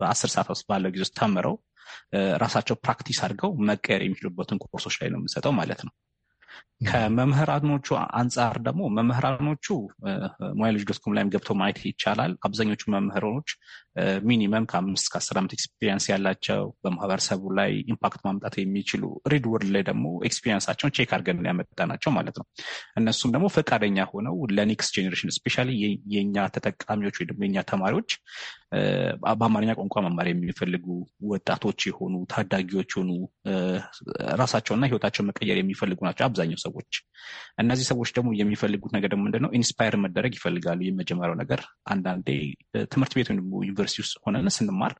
በአስር ሰዓት ውስጥ ባለው ጊዜ ውስጥ ተምረው ራሳቸው ፕራክቲስ አድርገው መቀየር የሚችሉበትን ኮርሶች ላይ ነው የምንሰጠው ማለት ነው። ከመምህራኖቹ አንጻር ደግሞ መምህራኖቹ ሞያ ልጅ ዶትኮም ላይም ገብተው ማየት ይቻላል። አብዛኞቹ መምህራኖች ሚኒመም ከአምስት ከአስር ዓመት ኤክስፒሪየንስ ያላቸው በማህበረሰቡ ላይ ኢምፓክት ማምጣት የሚችሉ ሪድ ወርድ ላይ ደግሞ ኤክስፒሪየንሳቸውን ቼክ አድርገን ያመጣ ናቸው ማለት ነው። እነሱም ደግሞ ፈቃደኛ ሆነው ለኔክስት ጄኔሬሽን ስፔሻሊ የእኛ ተጠቃሚዎች ወይ ደግሞ የእኛ ተማሪዎች በአማርኛ ቋንቋ መማር የሚፈልጉ ወጣቶች የሆኑ ታዳጊዎች የሆኑ ራሳቸውና ህይወታቸውን መቀየር የሚፈልጉ ናቸው አብዛኛው ሰዎች። እነዚህ ሰዎች ደግሞ የሚፈልጉት ነገር ደግሞ ምንድነው? ኢንስፓየር መደረግ ይፈልጋሉ። የመጀመሪያው ነገር አንዳንዴ ትምህርት ቤት ወይ ዩኒቨርሲቲ ውስጥ ሆነን ስንማር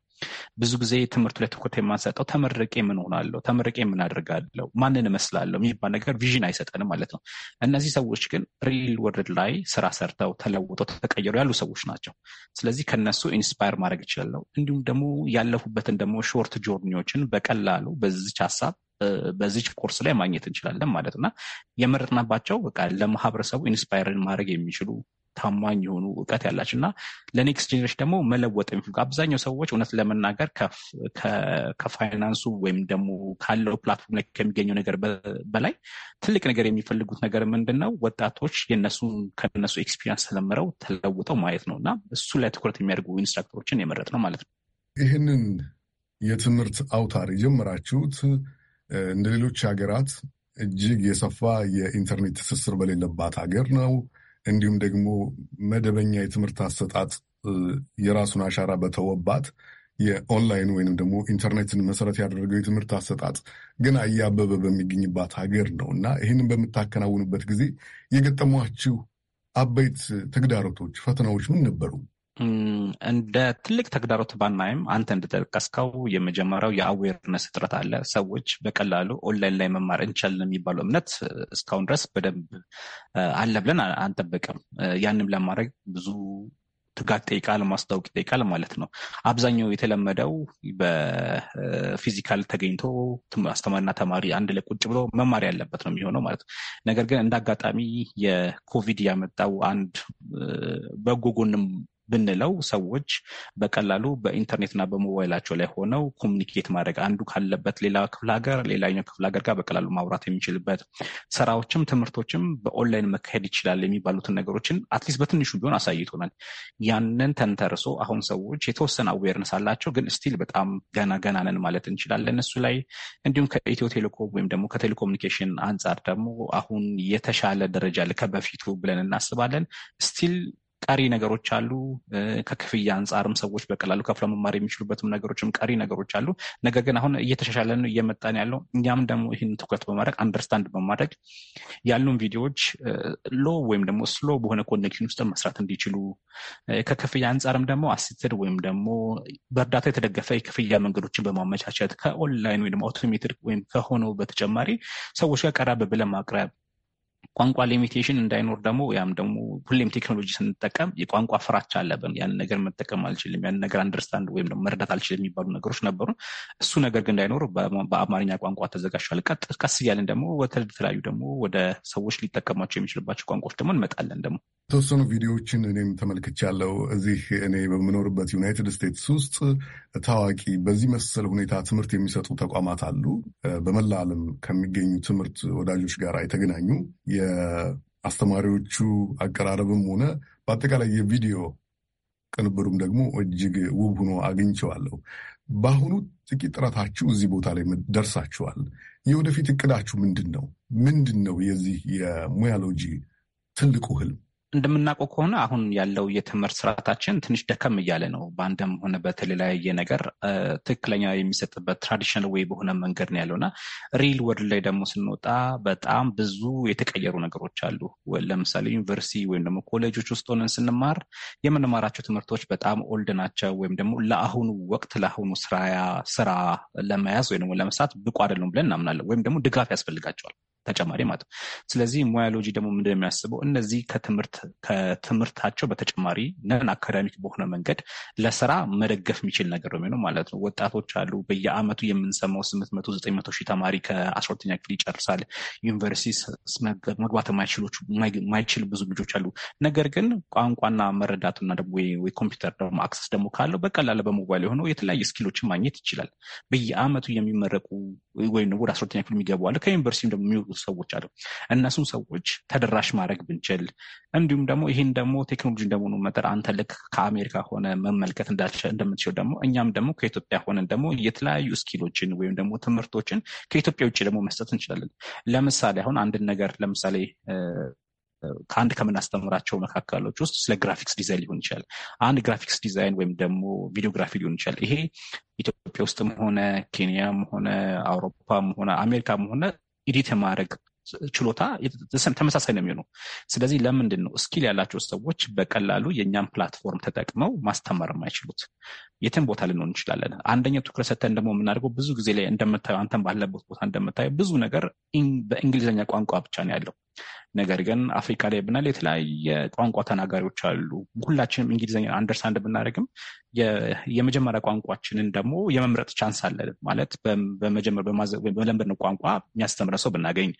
ብዙ ጊዜ ትምህርቱ ላይ ትኩረት የማንሰጠው ተመረቄ ምን ሆናለሁ፣ ተመረቄ ምን አድርጋለሁ፣ ማንን እመስላለሁ የሚባል ነገር ቪዥን አይሰጠንም ማለት ነው። እነዚህ ሰዎች ግን ሪል ወርድ ላይ ስራ ሰርተው ተለውጠው ተቀየሩ ያሉ ሰዎች ናቸው። ስለዚህ ከነሱ ኢንስፓየር ማድረግ ይችላለሁ። እንዲሁም ደግሞ ያለፉበትን ደግሞ ሾርት ጆርኒዎችን በቀላሉ በዚች ሀሳብ በዚች ኮርስ ላይ ማግኘት እንችላለን ማለት እና የመረጥናባቸው በቃ ለማህበረሰቡ ኢንስፓየርን ማድረግ የሚችሉ ታማኝ የሆኑ እውቀት ያላቸው እና ለኔክስት ጀኔሬሽን ደግሞ መለወጥ የሚፈልጉ አብዛኛው ሰዎች እውነት ለመናገር ከፋይናንሱ ወይም ደግሞ ካለው ፕላትፎርም ላይ ከሚገኘው ነገር በላይ ትልቅ ነገር የሚፈልጉት ነገር ምንድን ነው? ወጣቶች የነሱ ከነሱ ኤክስፒሪንስ ተለምረው ተለውጠው ማየት ነው እና እሱ ላይ ትኩረት የሚያደርጉ ኢንስትራክተሮችን የመረጥ ነው ማለት ነው። ይህንን የትምህርት አውታር የጀመራችሁት እንደ ሌሎች ሀገራት እጅግ የሰፋ የኢንተርኔት ትስስር በሌለባት ሀገር ነው። እንዲሁም ደግሞ መደበኛ የትምህርት አሰጣጥ የራሱን አሻራ በተወባት የኦንላይን ወይንም ደግሞ ኢንተርኔትን መሰረት ያደረገው የትምህርት አሰጣጥ ገና እያበበ በሚገኝባት ሀገር ነው እና ይህንን በምታከናውኑበት ጊዜ የገጠሟችሁ አበይት ተግዳሮቶች፣ ፈተናዎች ምን ነበሩ? እንደ ትልቅ ተግዳሮት ባናይም አንተ እንደጠቀስከው የመጀመሪያው የአዌርነስ እጥረት አለ። ሰዎች በቀላሉ ኦንላይን ላይ መማር እንችላለን የሚባለው እምነት እስካሁን ድረስ በደንብ አለ ብለን አንጠብቅም። ያንም ለማድረግ ብዙ ትጋት ጠይቃል፣ ማስታወቅ ይጠይቃል ማለት ነው። አብዛኛው የተለመደው በፊዚካል ተገኝቶ አስተማሪና ተማሪ አንድ ላይ ቁጭ ብሎ መማር ያለበት ነው የሚሆነው ማለት ነው። ነገር ግን እንደ አጋጣሚ የኮቪድ ያመጣው አንድ በጎ ጎንም ብንለው ሰዎች በቀላሉ በኢንተርኔትና በሞባይላቸው ላይ ሆነው ኮሚኒኬት ማድረግ አንዱ ካለበት ሌላ ክፍለ ሀገር ሌላኛው ክፍለ ሀገር ጋር በቀላሉ ማውራት የሚችልበት ስራዎችም ትምህርቶችም በኦንላይን መካሄድ ይችላል የሚባሉትን ነገሮችን አትሊስት በትንሹ ቢሆን አሳይቶናል። ያንን ተንተርሶ አሁን ሰዎች የተወሰነ አዌርነስ አላቸው፣ ግን ስቲል በጣም ገና ገና ነን ማለት እንችላለን እሱ ላይ እንዲሁም ከኢትዮ ቴሌኮም ወይም ደግሞ ከቴሌኮሙኒኬሽን አንጻር ደግሞ አሁን የተሻለ ደረጃ ከበፊቱ ብለን እናስባለን ስቲል ቀሪ ነገሮች አሉ። ከክፍያ አንጻርም ሰዎች በቀላሉ ከፍለ መማር የሚችሉበትም ነገሮችም ቀሪ ነገሮች አሉ። ነገር ግን አሁን እየተሻሻለን እየመጣን ያለው እኛም ደግሞ ይህን ትኩረት በማድረግ አንደርስታንድ በማድረግ ያሉን ቪዲዮዎች ሎ ወይም ደግሞ ስሎ በሆነ ኮኔክሽን ውስጥ መስራት እንዲችሉ ከክፍያ አንጻርም ደግሞ አሲስትድ ወይም ደግሞ በእርዳታ የተደገፈ የክፍያ መንገዶችን በማመቻቸት ከኦንላይን ወይም ደግሞ አውቶሜትድ ወይም ከሆነው በተጨማሪ ሰዎች ጋር ቀረብ ብለን ማቅረብ ቋንቋ ሊሚቴሽን እንዳይኖር ደግሞ ያም ደግሞ ሁሌም ቴክኖሎጂ ስንጠቀም የቋንቋ ፍራቻ አለብን። ያን ነገር መጠቀም አልችልም፣ ያን ነገር አንደርስታንድ ወይም ደግሞ መረዳት አልችልም የሚባሉ ነገሮች ነበሩ። እሱ ነገር ግን እንዳይኖር በአማርኛ ቋንቋ ተዘጋጅቷል። ቀስ እያለን ደግሞ ተለያዩ ደግሞ ወደ ሰዎች ሊጠቀሟቸው የሚችልባቸው ቋንቋዎች ደግሞ እንመጣለን። ደግሞ የተወሰኑ ቪዲዮዎችን እኔም ተመልክቻለሁ። እዚህ እኔ በምኖርበት ዩናይትድ ስቴትስ ውስጥ ታዋቂ በዚህ መሰል ሁኔታ ትምህርት የሚሰጡ ተቋማት አሉ። በመላ ዓለም ከሚገኙ ትምህርት ወዳጆች ጋር የተገናኙ የአስተማሪዎቹ አቀራረብም ሆነ በአጠቃላይ የቪዲዮ ቅንብሩም ደግሞ እጅግ ውብ ሆኖ አግኝቸዋለሁ በአሁኑ ጥቂት ጥረታችሁ እዚህ ቦታ ላይ ደርሳችኋል። የወደፊት እቅዳችሁ ምንድን ነው? ምንድን ነው የዚህ የሙያሎጂ ትልቁ ህልም? እንደምናውቀው ከሆነ አሁን ያለው የትምህርት ስርዓታችን ትንሽ ደከም እያለ ነው። በአንድም ሆነ በተለያየ ነገር ትክክለኛ የሚሰጥበት ትራዲሽናል ወይ በሆነ መንገድ ነው ያለውና ሪል ወርድ ላይ ደግሞ ስንወጣ በጣም ብዙ የተቀየሩ ነገሮች አሉ። ለምሳሌ ዩኒቨርሲቲ ወይም ደግሞ ኮሌጆች ውስጥ ሆነን ስንማር የምንማራቸው ትምህርቶች በጣም ኦልድ ናቸው፣ ወይም ደግሞ ለአሁኑ ወቅት ለአሁኑ ስራ ለመያዝ ወይም ደግሞ ለመስራት ብቁ አይደሉም ብለን እናምናለን፣ ወይም ደግሞ ድጋፍ ያስፈልጋቸዋል። ተጨማሪ ማለት ነው። ስለዚህ ሎጂ ደግሞ ምንድን የሚያስበው እነዚህ ከትምህርታቸው በተጨማሪ ነን አካዳሚክ በሆነ መንገድ ለስራ መደገፍ የሚችል ነገር ነው ማለት ነው። ወጣቶች አሉ። በየአመቱ የምንሰማው ስምንት መቶ ዘጠኝ መቶ ሺህ ተማሪ ከአስራ ሁለተኛ ክፍል ይጨርሳል። ዩኒቨርሲቲ መግባት የማይችል ብዙ ልጆች አሉ። ነገር ግን ቋንቋና መረዳቱና ደግሞ ወይ ኮምፒውተር ደግሞ አክሰስ ደግሞ ካለው በቀላል በሞባይል የሆነው የተለያዩ ስኪሎችን ማግኘት ይችላል። በየአመቱ የሚመረቁ ወይም ወደ አስራ ሁለተኛ ክፍል የሚገቡ አለ ከዩኒቨርሲቲ ደግሞ ሰዎች አሉ። እነሱን ሰዎች ተደራሽ ማድረግ ብንችል እንዲሁም ደግሞ ይህን ደግሞ ቴክኖሎጂ እንደመሆኑ መጠን አንተ ልክ ከአሜሪካ ሆነ መመልከት እንደምትችል ደግሞ እኛም ደግሞ ከኢትዮጵያ ሆነን ደግሞ የተለያዩ እስኪሎችን ወይም ደግሞ ትምህርቶችን ከኢትዮጵያ ውጭ ደግሞ መስጠት እንችላለን። ለምሳሌ አሁን አንድን ነገር ለምሳሌ ከአንድ ከምናስተምራቸው መካከሎች ውስጥ ስለ ግራፊክስ ዲዛይን ሊሆን ይችላል። አንድ ግራፊክስ ዲዛይን ወይም ደግሞ ቪዲዮግራፊ ሊሆን ይችላል። ይሄ ኢትዮጵያ ውስጥም ሆነ ኬንያም ሆነ አውሮፓም ሆነ አሜሪካም ሆነ ኢዲት የማድረግ ችሎታ ተመሳሳይ ነው የሚሆነው። ስለዚህ ለምንድን ነው ስኪል ያላቸው ሰዎች በቀላሉ የእኛም ፕላትፎርም ተጠቅመው ማስተማር የማይችሉት? የትን ቦታ ልንሆን እንችላለን። አንደኛው ትኩረት ሰተን ደግሞ የምናደርገው ብዙ ጊዜ ላይ እንደምታየው አንተን ባለበት ቦታ እንደምታየው ብዙ ነገር በእንግሊዝኛ ቋንቋ ብቻ ነው ያለው። ነገር ግን አፍሪካ ላይ ብናል የተለያየ ቋንቋ ተናጋሪዎች አሉ። ሁላችንም እንግሊዝኛ አንደርስታንድ ብናደርግም የመጀመሪያ ቋንቋችንን ደግሞ የመምረጥ ቻንስ አለ ማለት በመጀመር በመለመድነው ቋንቋ የሚያስተምረ ሰው ብናገኝ፣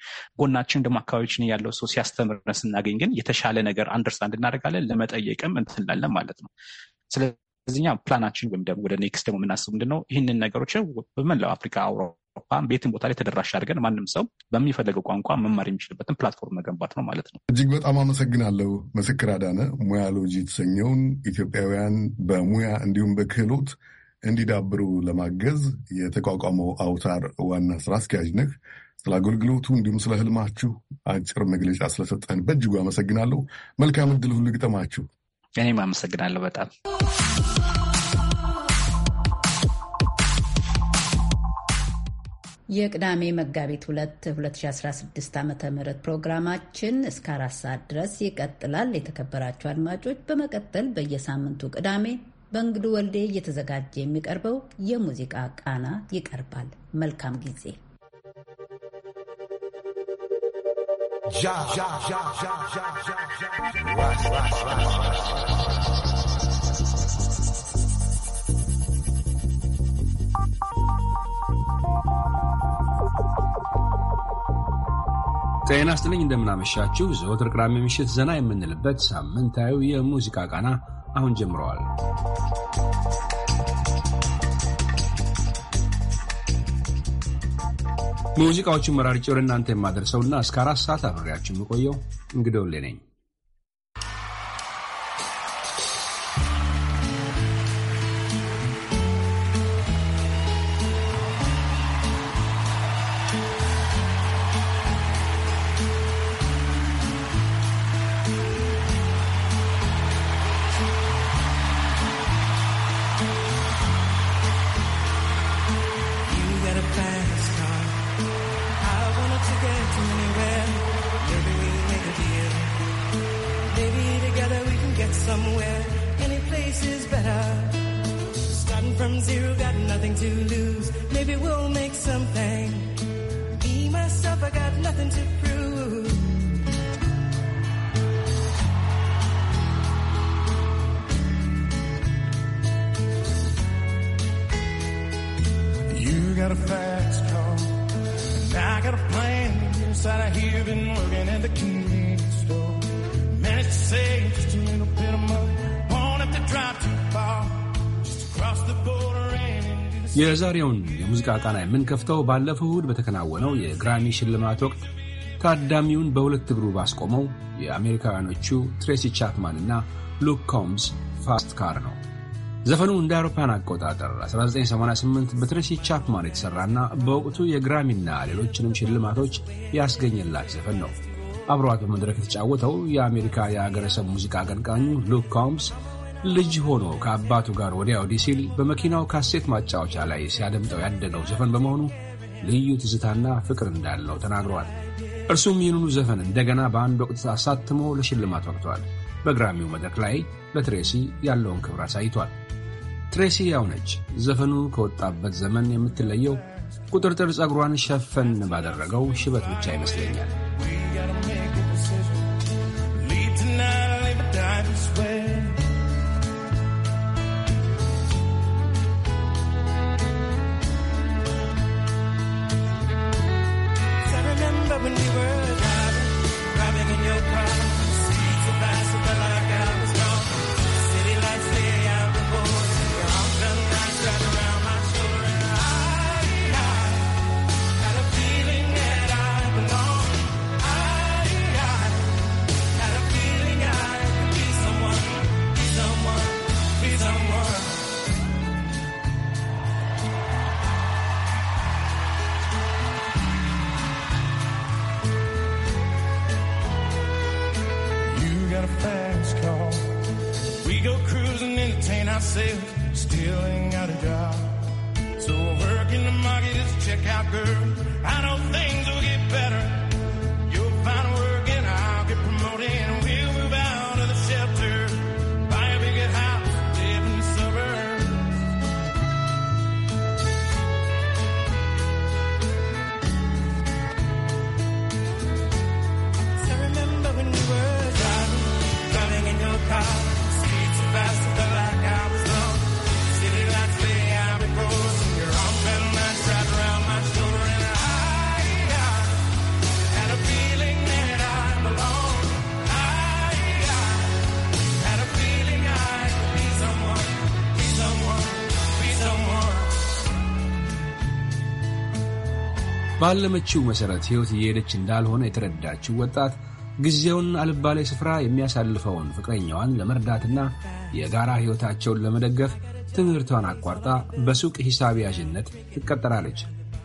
ጎናችን ደግሞ አካባቢዎችን ያለው ሰው ሲያስተምረ ስናገኝ ግን የተሻለ ነገር አንደርስታንድ እናደርጋለን፣ ለመጠየቅም እንትንላለን ማለት ነው። እዚኛ ፕላናችን ወይም ደግሞ ወደ ኔክስት ደግሞ የምናስቡ ምንድነው ይህንን ነገሮች በመላው አፍሪካ፣ አውሮፓ ቤትን ቦታ ላይ ተደራሽ አድርገን ማንም ሰው በሚፈለገው ቋንቋ መማር የሚችልበትን ፕላትፎርም መገንባት ነው ማለት ነው። እጅግ በጣም አመሰግናለሁ። ምስክር አዳነ ሙያ ሎጂ የተሰኘውን ኢትዮጵያውያን በሙያ እንዲሁም በክህሎት እንዲዳብሩ ለማገዝ የተቋቋመው አውታር ዋና ስራ አስኪያጅ ነህ። ስለ አገልግሎቱ እንዲሁም ስለ ህልማችሁ አጭር መግለጫ ስለሰጠን በእጅጉ አመሰግናለሁ። መልካም እድል ሁሉ ግጠማችሁ። እኔም አመሰግናለሁ በጣም የቅዳሜ መጋቢት 2 2016 ዓ ም ፕሮግራማችን እስከ አራት ሰዓት ድረስ ይቀጥላል። የተከበራችሁ አድማጮች፣ በመቀጠል በየሳምንቱ ቅዳሜ በእንግዱ ወልዴ እየተዘጋጀ የሚቀርበው የሙዚቃ ቃና ይቀርባል። መልካም ጊዜ። ja, ja, ja, ja, ja, ja ጤና ይስጥልኝ እንደምናመሻችሁ። ዘወትር ቅዳሜ ምሽት ዘና የምንልበት ሳምንታዊ የሙዚቃ ቃና አሁን ጀምረዋል። ሙዚቃዎቹን መራርጬ ወደ እናንተ የማደርሰውና እስከ አራት ሰዓት አብሬያችሁ የምቆየው እንግዶሌ ነኝ። Maybe we'll make something. Be myself, I got nothing to prove. You got a fast car, and I got a plan. Inside of here, been working at the convenience store. Managed to save just a little bit of money. Won't have to drive too far, just across the border and. የዛሬውን የሙዚቃ ቃና የምንከፍተው ባለፈው እሁድ በተከናወነው የግራሚ ሽልማት ወቅት ታዳሚውን በሁለት እግሩ ባስቆመው የአሜሪካውያኖቹ ትሬሲ ቻፕማን እና ሉክ ኮምስ ፋስት ካር ነው። ዘፈኑ እንደ አውሮፓን አቆጣጠር 1988 በትሬሲ ቻፕማን የተሠራና በወቅቱ የግራሚና ሌሎችንም ሽልማቶች ያስገኘላት ዘፈን ነው። አብሯት በመድረክ የተጫወተው የአሜሪካ የአገረሰብ ሙዚቃ አቀንቃኙ ሉክ ኮምስ ልጅ ሆኖ ከአባቱ ጋር ወዲያ ወዲህ ሲል በመኪናው ካሴት ማጫወቻ ላይ ሲያደምጠው ያደገው ዘፈን በመሆኑ ልዩ ትዝታና ፍቅር እንዳለው ተናግረዋል። እርሱም ይህንኑ ዘፈን እንደገና በአንድ ወቅት አሳትሞ ለሽልማት ወቅቷል። በግራሚው መድረክ ላይ ለትሬሲ ያለውን ክብር አሳይቷል። ትሬሲ ያውነች ዘፈኑ ከወጣበት ዘመን የምትለየው ቁጥርጥር ጸጉሯን ሸፈን ባደረገው ሽበት ብቻ ይመስለኛል። ባለመችው መሠረት ሕይወት እየሄደች እንዳልሆነ የተረዳችው ወጣት ጊዜውን አልባሌ ስፍራ የሚያሳልፈውን ፍቅረኛዋን ለመርዳትና የጋራ ሕይወታቸውን ለመደገፍ ትምህርቷን አቋርጣ በሱቅ ሂሳብ ያዥነት ትቀጠራለች።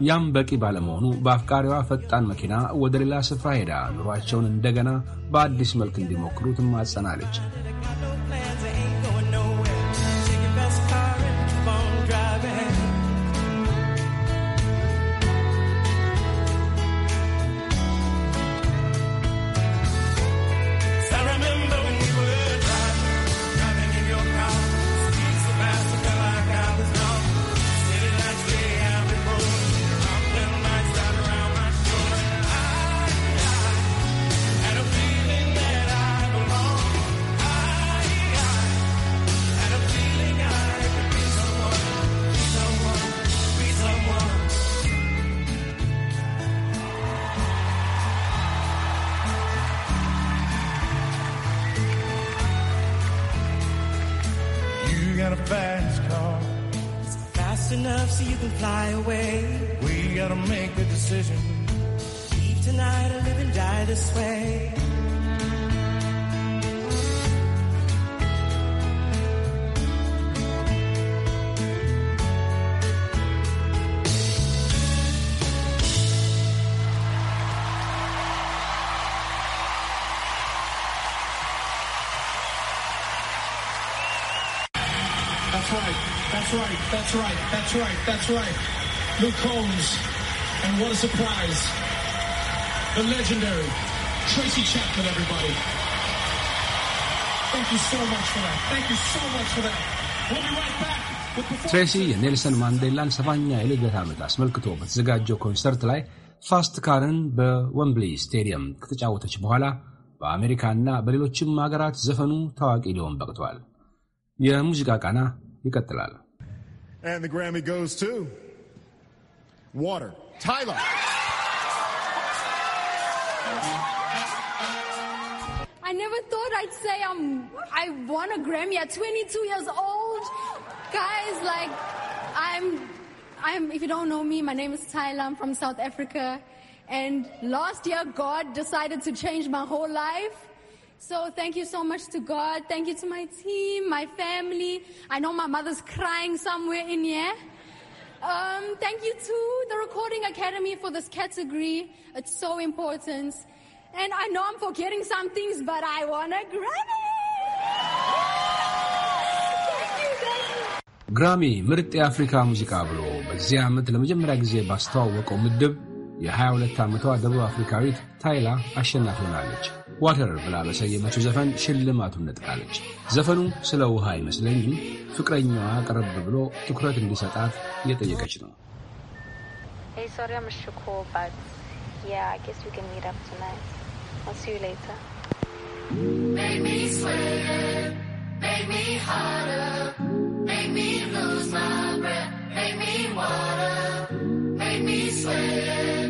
ያም በቂ ባለመሆኑ በአፍቃሪዋ ፈጣን መኪና ወደ ሌላ ስፍራ ሄዳ ኑሯቸውን እንደገና በአዲስ መልክ እንዲሞክሩ ትማጸናለች። That's right, that's right, that's right. Luke Holmes, And what a surprise. The legendary Tracy Chapman, everybody. Thank you so much for that. Thank you so much for that. We'll be right back. ትሬሲ የኔልሰን ማንዴላን ሰባኛ የልደት ዓመት አስመልክቶ በተዘጋጀው ኮንሰርት ላይ ፋስት ካርን በወምብሊ ስቴዲየም ከተጫወተች በኋላ በአሜሪካና በሌሎችም ሀገራት ዘፈኑ ታዋቂ ሊሆን በቅቷል። የሙዚቃ ቃና ይቀጥላል። And the Grammy goes to Water. Tyler. I never thought I'd say I'm I won a Grammy at 22 years old. Guys, like I'm I'm if you don't know me, my name is Tyler. I'm from South Africa. And last year God decided to change my whole life. So thank you so much to God. Thank you to my team, my family. I know my mother's crying somewhere in here. Um, thank you to the Recording Academy for this category. It's so important. And I know I'm forgetting some things, but I want a Grammy! ግራሚ ምርጥ የአፍሪካ ሙዚቃ ብሎ በዚህ ዓመት ለመጀመሪያ ጊዜ ባስተዋወቀው ምድብ የ22 ዓመቷ ደቡብ አፍሪካዊት ታይላ አሸናፊ ሆናለች። ዋተር ብላ በሰየመችው ዘፈን ሽልማቱን ነጥቃለች። ዘፈኑ ስለ ውሃ አይመስለኝም፣ ፍቅረኛዋ ቀረብ ብሎ ትኩረት እንዲሰጣት እየጠየቀች ነው። Make me sweat,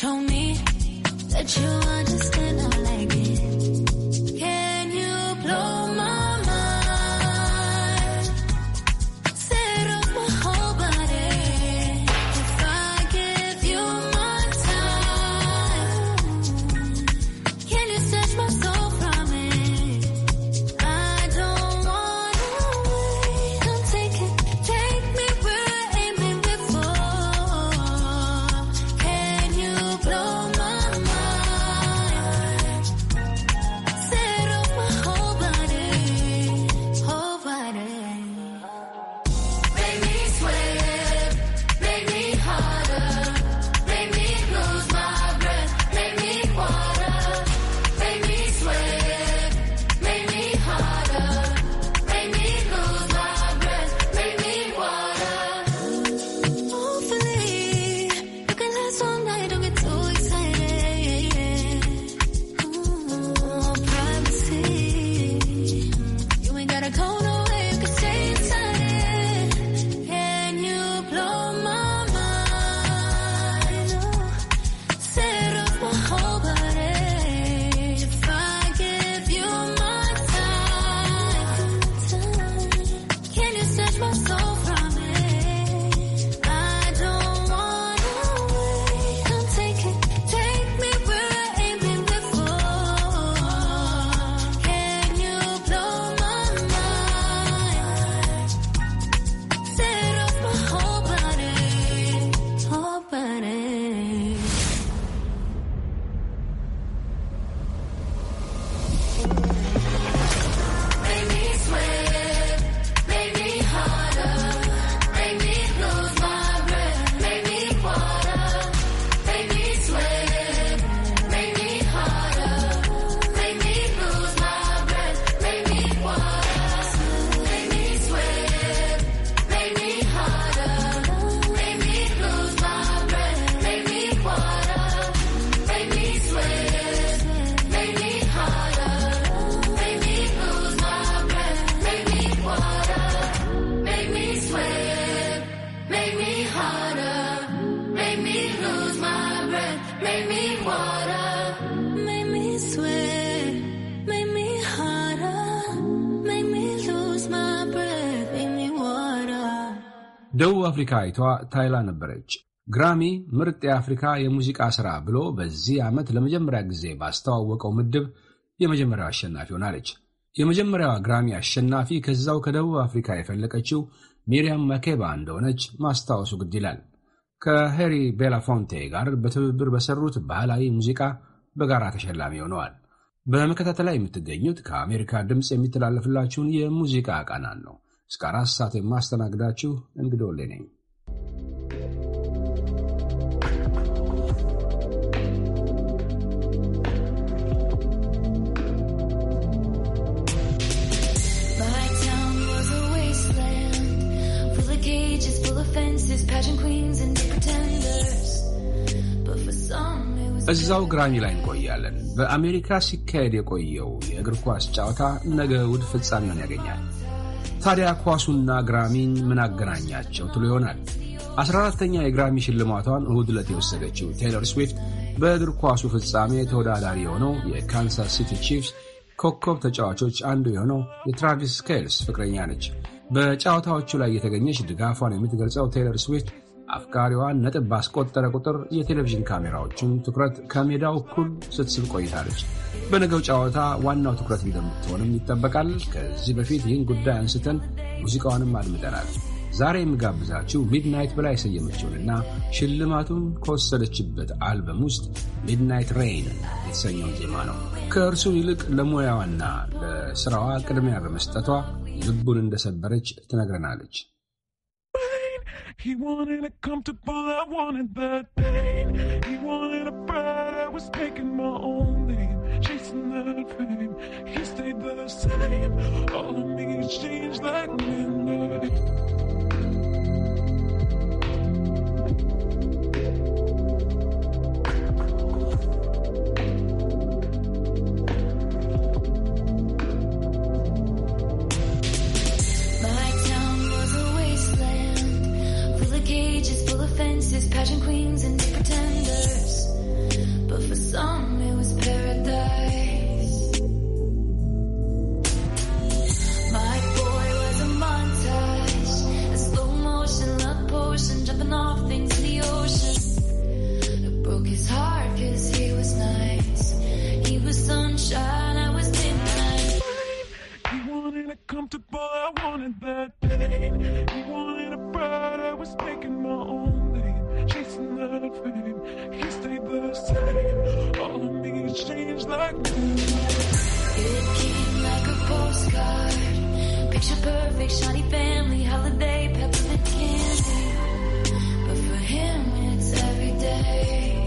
Told me that you want ደቡብ አፍሪካዊቷ ታይላ ነበረች። ግራሚ ምርጥ የአፍሪካ የሙዚቃ ሥራ ብሎ በዚህ ዓመት ለመጀመሪያ ጊዜ ባስተዋወቀው ምድብ የመጀመሪያው አሸናፊ ሆናለች። የመጀመሪያዋ ግራሚ አሸናፊ ከዛው ከደቡብ አፍሪካ የፈለቀችው ሚሪያም መኬባ እንደሆነች ማስታወሱ ግድ ይላል። ከሄሪ ቤላፎንቴ ጋር በትብብር በሰሩት ባህላዊ ሙዚቃ በጋራ ተሸላሚ ሆነዋል። በመከታተል ላይ የምትገኙት ከአሜሪካ ድምፅ የሚተላለፍላችሁን የሙዚቃ ቃናን ነው። እስከ አራት ሰዓት የማስተናግዳችሁ እንግዳ ነኝ። እዛው ግራሚ ላይ እንቆያለን። በአሜሪካ ሲካሄድ የቆየው የእግር ኳስ ጨዋታ ነገ ውድ ፍጻሜውን ያገኛል። ታዲያ ኳሱና ግራሚን ምን አገናኛቸው ትሉ ይሆናል። 14ተኛ የግራሚ ሽልማቷን እሁድ ዕለት የወሰደችው ቴይለር ስዊፍት በእግር ኳሱ ፍጻሜ ተወዳዳሪ የሆነው የካንሳስ ሲቲ ቺፍስ ኮከብ ተጫዋቾች አንዱ የሆነው የትራቪስ ስኬልስ ፍቅረኛ ነች። በጨዋታዎቹ ላይ የተገኘች ድጋፏን የምትገልጸው ቴይለር ስዊፍት አፍቃሪዋን ነጥብ ባስቆጠረ ቁጥር የቴሌቪዥን ካሜራዎችን ትኩረት ከሜዳው እኩል ስትስብ ቆይታለች። በነገው ጨዋታ ዋናው ትኩረት እንደምትሆንም ይጠበቃል። ከዚህ በፊት ይህን ጉዳይ አንስተን ሙዚቃዋንም አድምጠናል። ዛሬ የምጋብዛችው ሚድናይት ብላ የሰየመችውንና ሽልማቱን ከወሰደችበት አልበም ውስጥ ሚድናይት ሬይን የተሰኘውን ዜማ ነው። ከእርሱ ይልቅ ለሙያዋና ለሥራዋ ቅድሚያ በመስጠቷ ልቡን እንደሰበረች ትነግረናለች። He wanted it comfortable, I wanted that pain. He wanted a bride, I was taking my own name, chasing that fame. He stayed the same. All of me changed like midnight. pageant queens and pretenders, but for some it was paradise. My boy was a montage, a slow motion love potion, jumping off things in the ocean. broke his he was nice. He was sunshine, I was midnight. wanted I wanted that pain. He wanted a bride, I was making my own loving. He the same. All of me changed like It came like a postcard. Picture perfect, shiny family, holiday, peppermint candy. But for him, it's every day.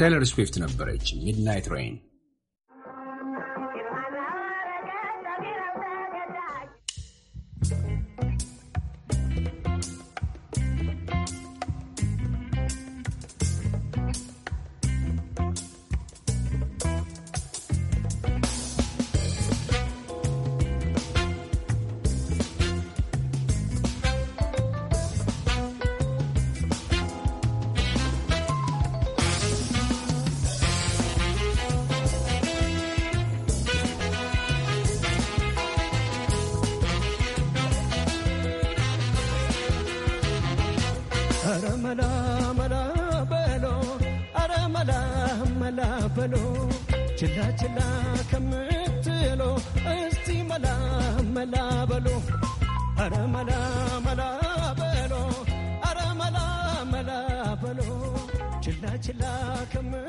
ታይለር ስዊፍት ነበረች ሚድናይት ሬይን ያችላ ከምትሎ እስቲ መላ መላ በሎ አረ መላ መላ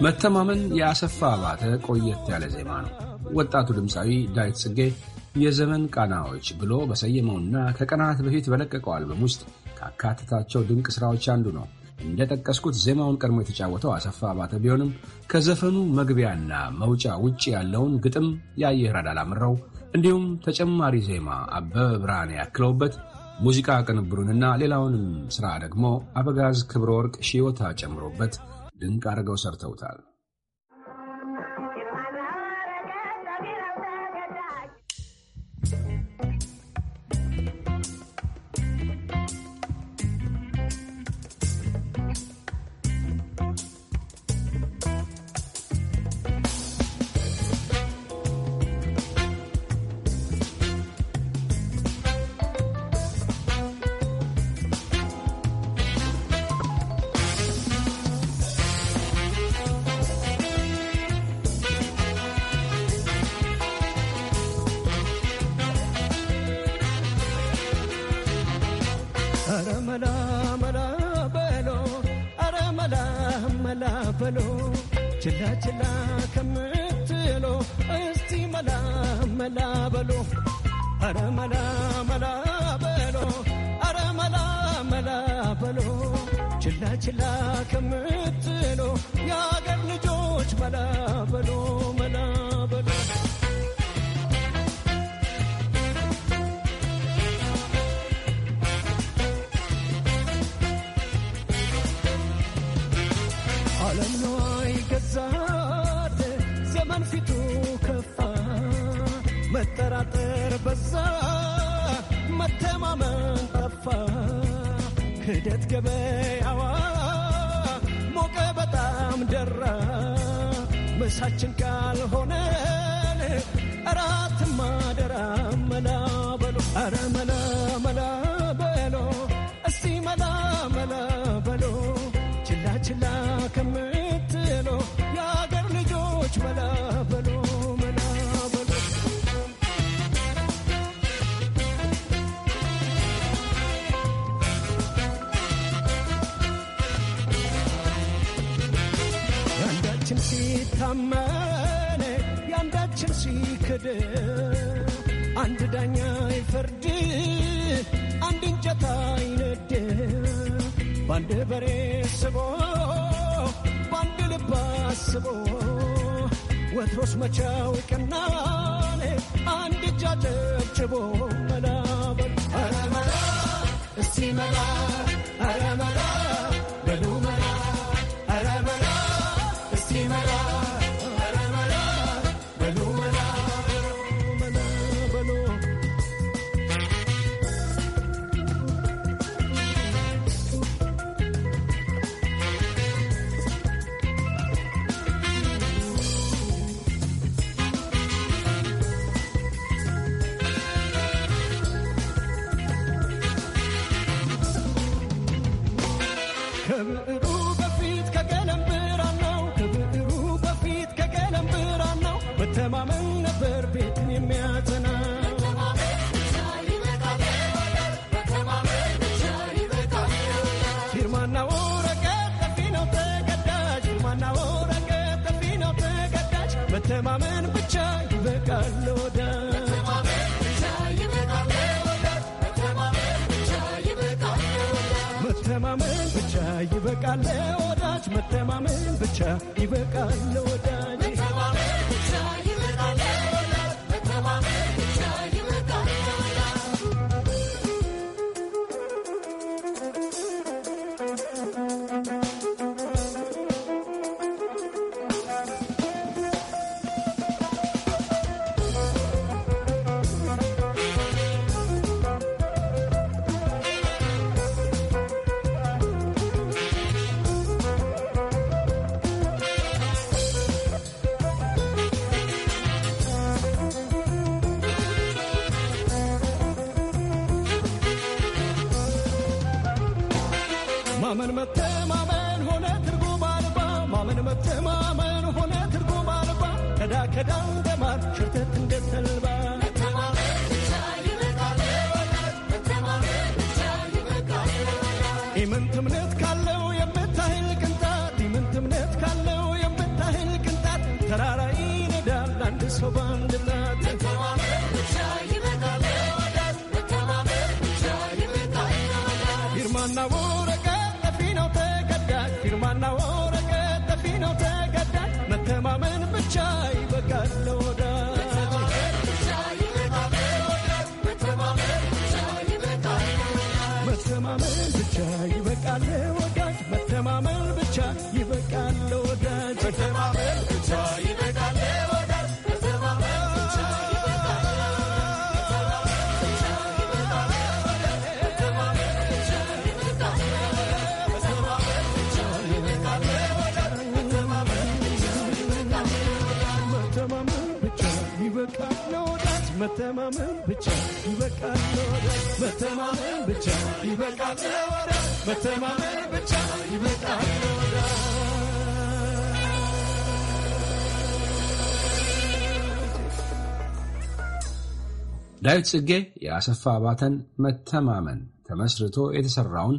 መተማመን የአሰፋ አባተ ቆየት ያለ ዜማ ነው። ወጣቱ ድምፃዊ ዳዊት ጽጌ የዘመን ቃናዎች ብሎ በሰየመውና ከቀናት በፊት በለቀቀው አልበም ውስጥ ካካትታቸው ድንቅ ሥራዎች አንዱ ነው። እንደጠቀስኩት ዜማውን ቀድሞ የተጫወተው አሰፋ አባተ ቢሆንም ከዘፈኑ መግቢያና መውጫ ውጭ ያለውን ግጥም የአየር ረዳ ላምረው እንዲሁም ተጨማሪ ዜማ አበበ ብርሃን ያክለውበት ሙዚቃ ቅንብሩንና ሌላውንም ሥራ ደግሞ አበጋዝ ክብረ ወርቅ ሺዮታ ጨምሮበት ድንቅ አድርገው ሰርተውታል። ተችላ ከምትሎ የአገር ልጆች መላበሎ መላበሎ ዓለም ነዋይ ገዛት ዘመን ፊቱ ከፋ መጠራጠር በዛ መተማመን ጠፋ ክደት ገበያ ርዕሳችን ካልሆነ እራት ማደራ መላበሉ ያመነ ያንዳችን ሲክድ አንድ ዳኛ ይፈርድ፣ አንድ እንጨት አይነድ። በአንድ በሬ ስቦ በአንድ ልብ አስቦ ወትሮስ መቻው ቀናኔ አንድ እጃ ጨብጭቦ መላበል እስቲ መላ መተማመን ነበር ቤትን የሚያጠና መተማመን ብቻ ይበቃል ወዳጅ መተማመን ብቻ ይበቃል መተማመን ብቻ ይበቃል ብቻ ይበቃል ወዳጅ መተማመን መተማመን ብቻ ይበቃል መተማመን ብቻ ይበቃል መተማመን ብቻ ይበቃል ዳዊት ጽጌ የአሰፋ አባተን መተማመን ተመስርቶ የተሰራውን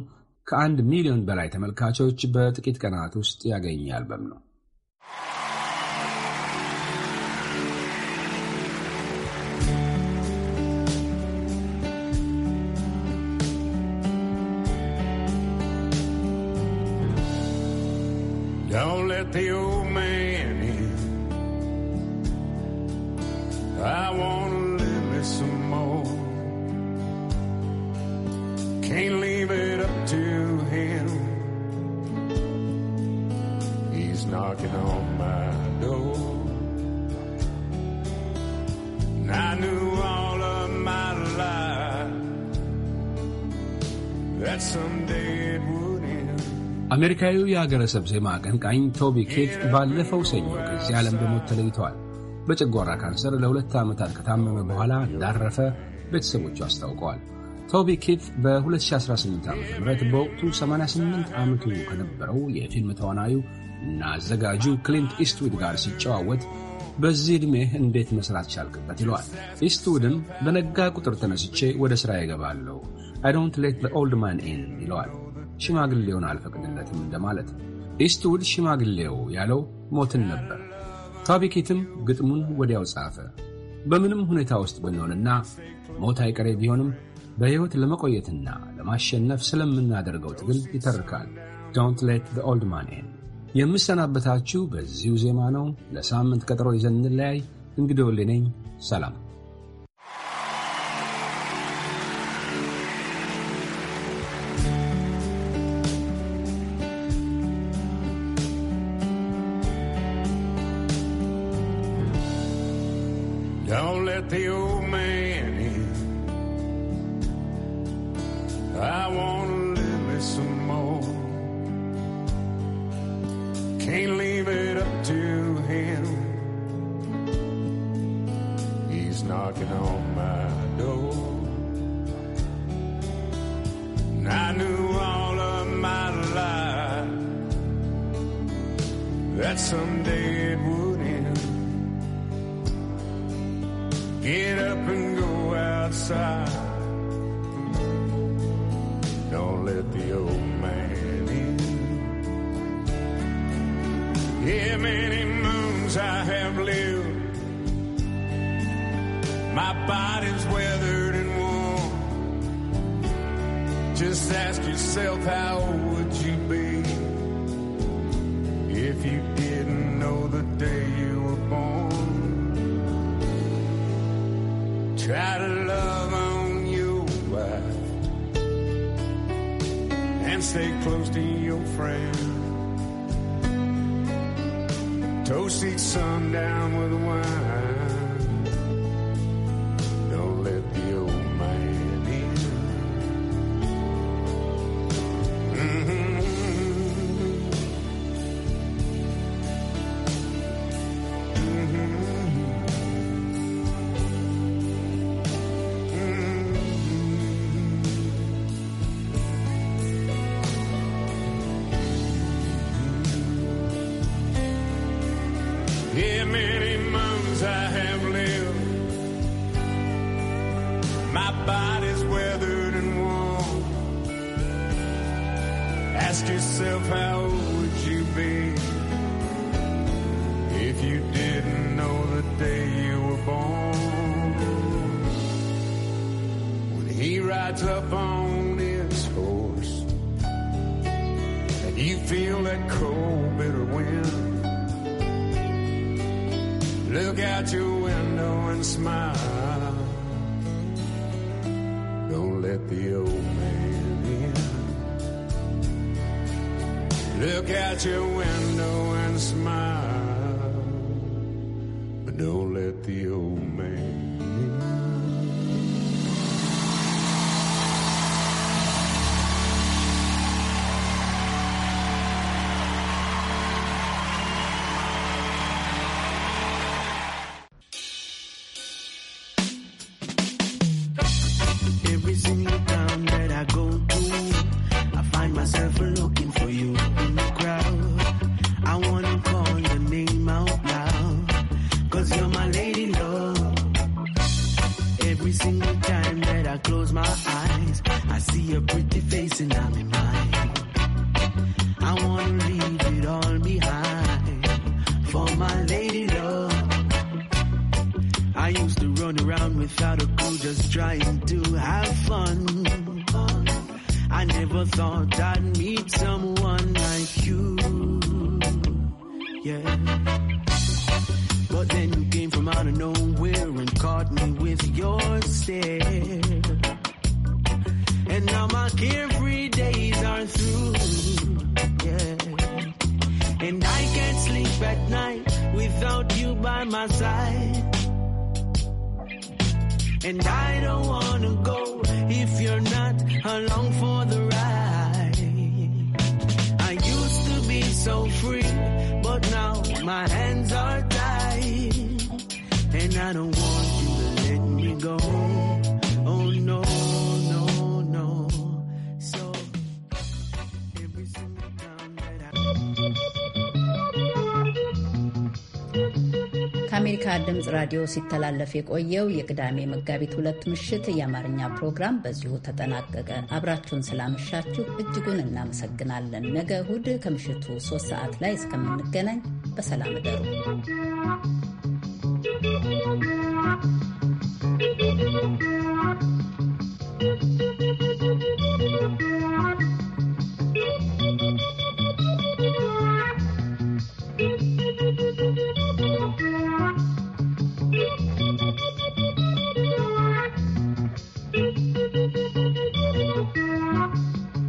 ከአንድ ሚሊዮን በላይ ተመልካቾች በጥቂት ቀናት ውስጥ ያገኛል። አልበም ነው። the old man in. I wanna live me some more. Can't leave it up to him. He's knocking on my door. And I knew all of my life that some አሜሪካዊው የአገረሰብ ዜማ አቀንቃኝ ቶቢ ኬት ባለፈው ሰኞ ከዚህ ዓለም በሞት ተለይተዋል። በጨጓራ ካንሰር ለሁለት ዓመታት ከታመመ በኋላ እንዳረፈ ቤተሰቦቹ አስታውቀዋል። ቶቢ ኬት በ2018 ዓ ም በወቅቱ 88 ዓመቱ ከነበረው የፊልም ተዋናዩ እና አዘጋጁ ክሊንት ኢስትዊድ ጋር ሲጨዋወት በዚህ ዕድሜህ እንዴት መሥራት ቻልክበት ይለዋል። ኢስትውድም በነጋ ቁጥር ተነስቼ ወደ ሥራ ይገባለሁ፣ አይ ዶንት ሌት ኦልድ ማን ኢን ይለዋል። ሽማግሌውን አልፈቅድለትም እንደማለት። ኢስትውድ ሽማግሌው ያለው ሞትን ነበር። ታቢኬትም ግጥሙን ወዲያው ጻፈ። በምንም ሁኔታ ውስጥ ብንሆንና ሞት አይቀሬ ቢሆንም በሕይወት ለመቆየትና ለማሸነፍ ስለምናደርገው ትግል ይተርካል። ዶንት ሌት ዘ ኦልድ ማን ኢን። የምሰናበታችሁ በዚሁ ዜማ ነው። ለሳምንት ቀጠሮ ይዘን እንለያይ። እንግዲህ ወሌ ነኝ። ሰላም and stay close to your friend. Toast each sundown with wine. Every single time that I close my eyes, I see a pretty face and I'm in mine. I wanna leave it all behind for my lady love. I used to run around without a clue, just trying to have fun. I never thought I'd meet someone like you. Yeah. And now my carefree days are through. Yeah. And I can't sleep at night without you by my side. And I don't wanna go if you're not along for the ride. I used to be so free, but now my hands are tied. And I don't want to ከአሜሪካ ድምፅ ራዲዮ ሲተላለፍ የቆየው የቅዳሜ መጋቢት ሁለት ምሽት የአማርኛ ፕሮግራም በዚሁ ተጠናቀቀ። አብራችሁን ስላመሻችሁ እጅጉን እናመሰግናለን። ነገ እሁድ ከምሽቱ ሶስት ሰዓት ላይ እስከምንገናኝ በሰላም እደሩ።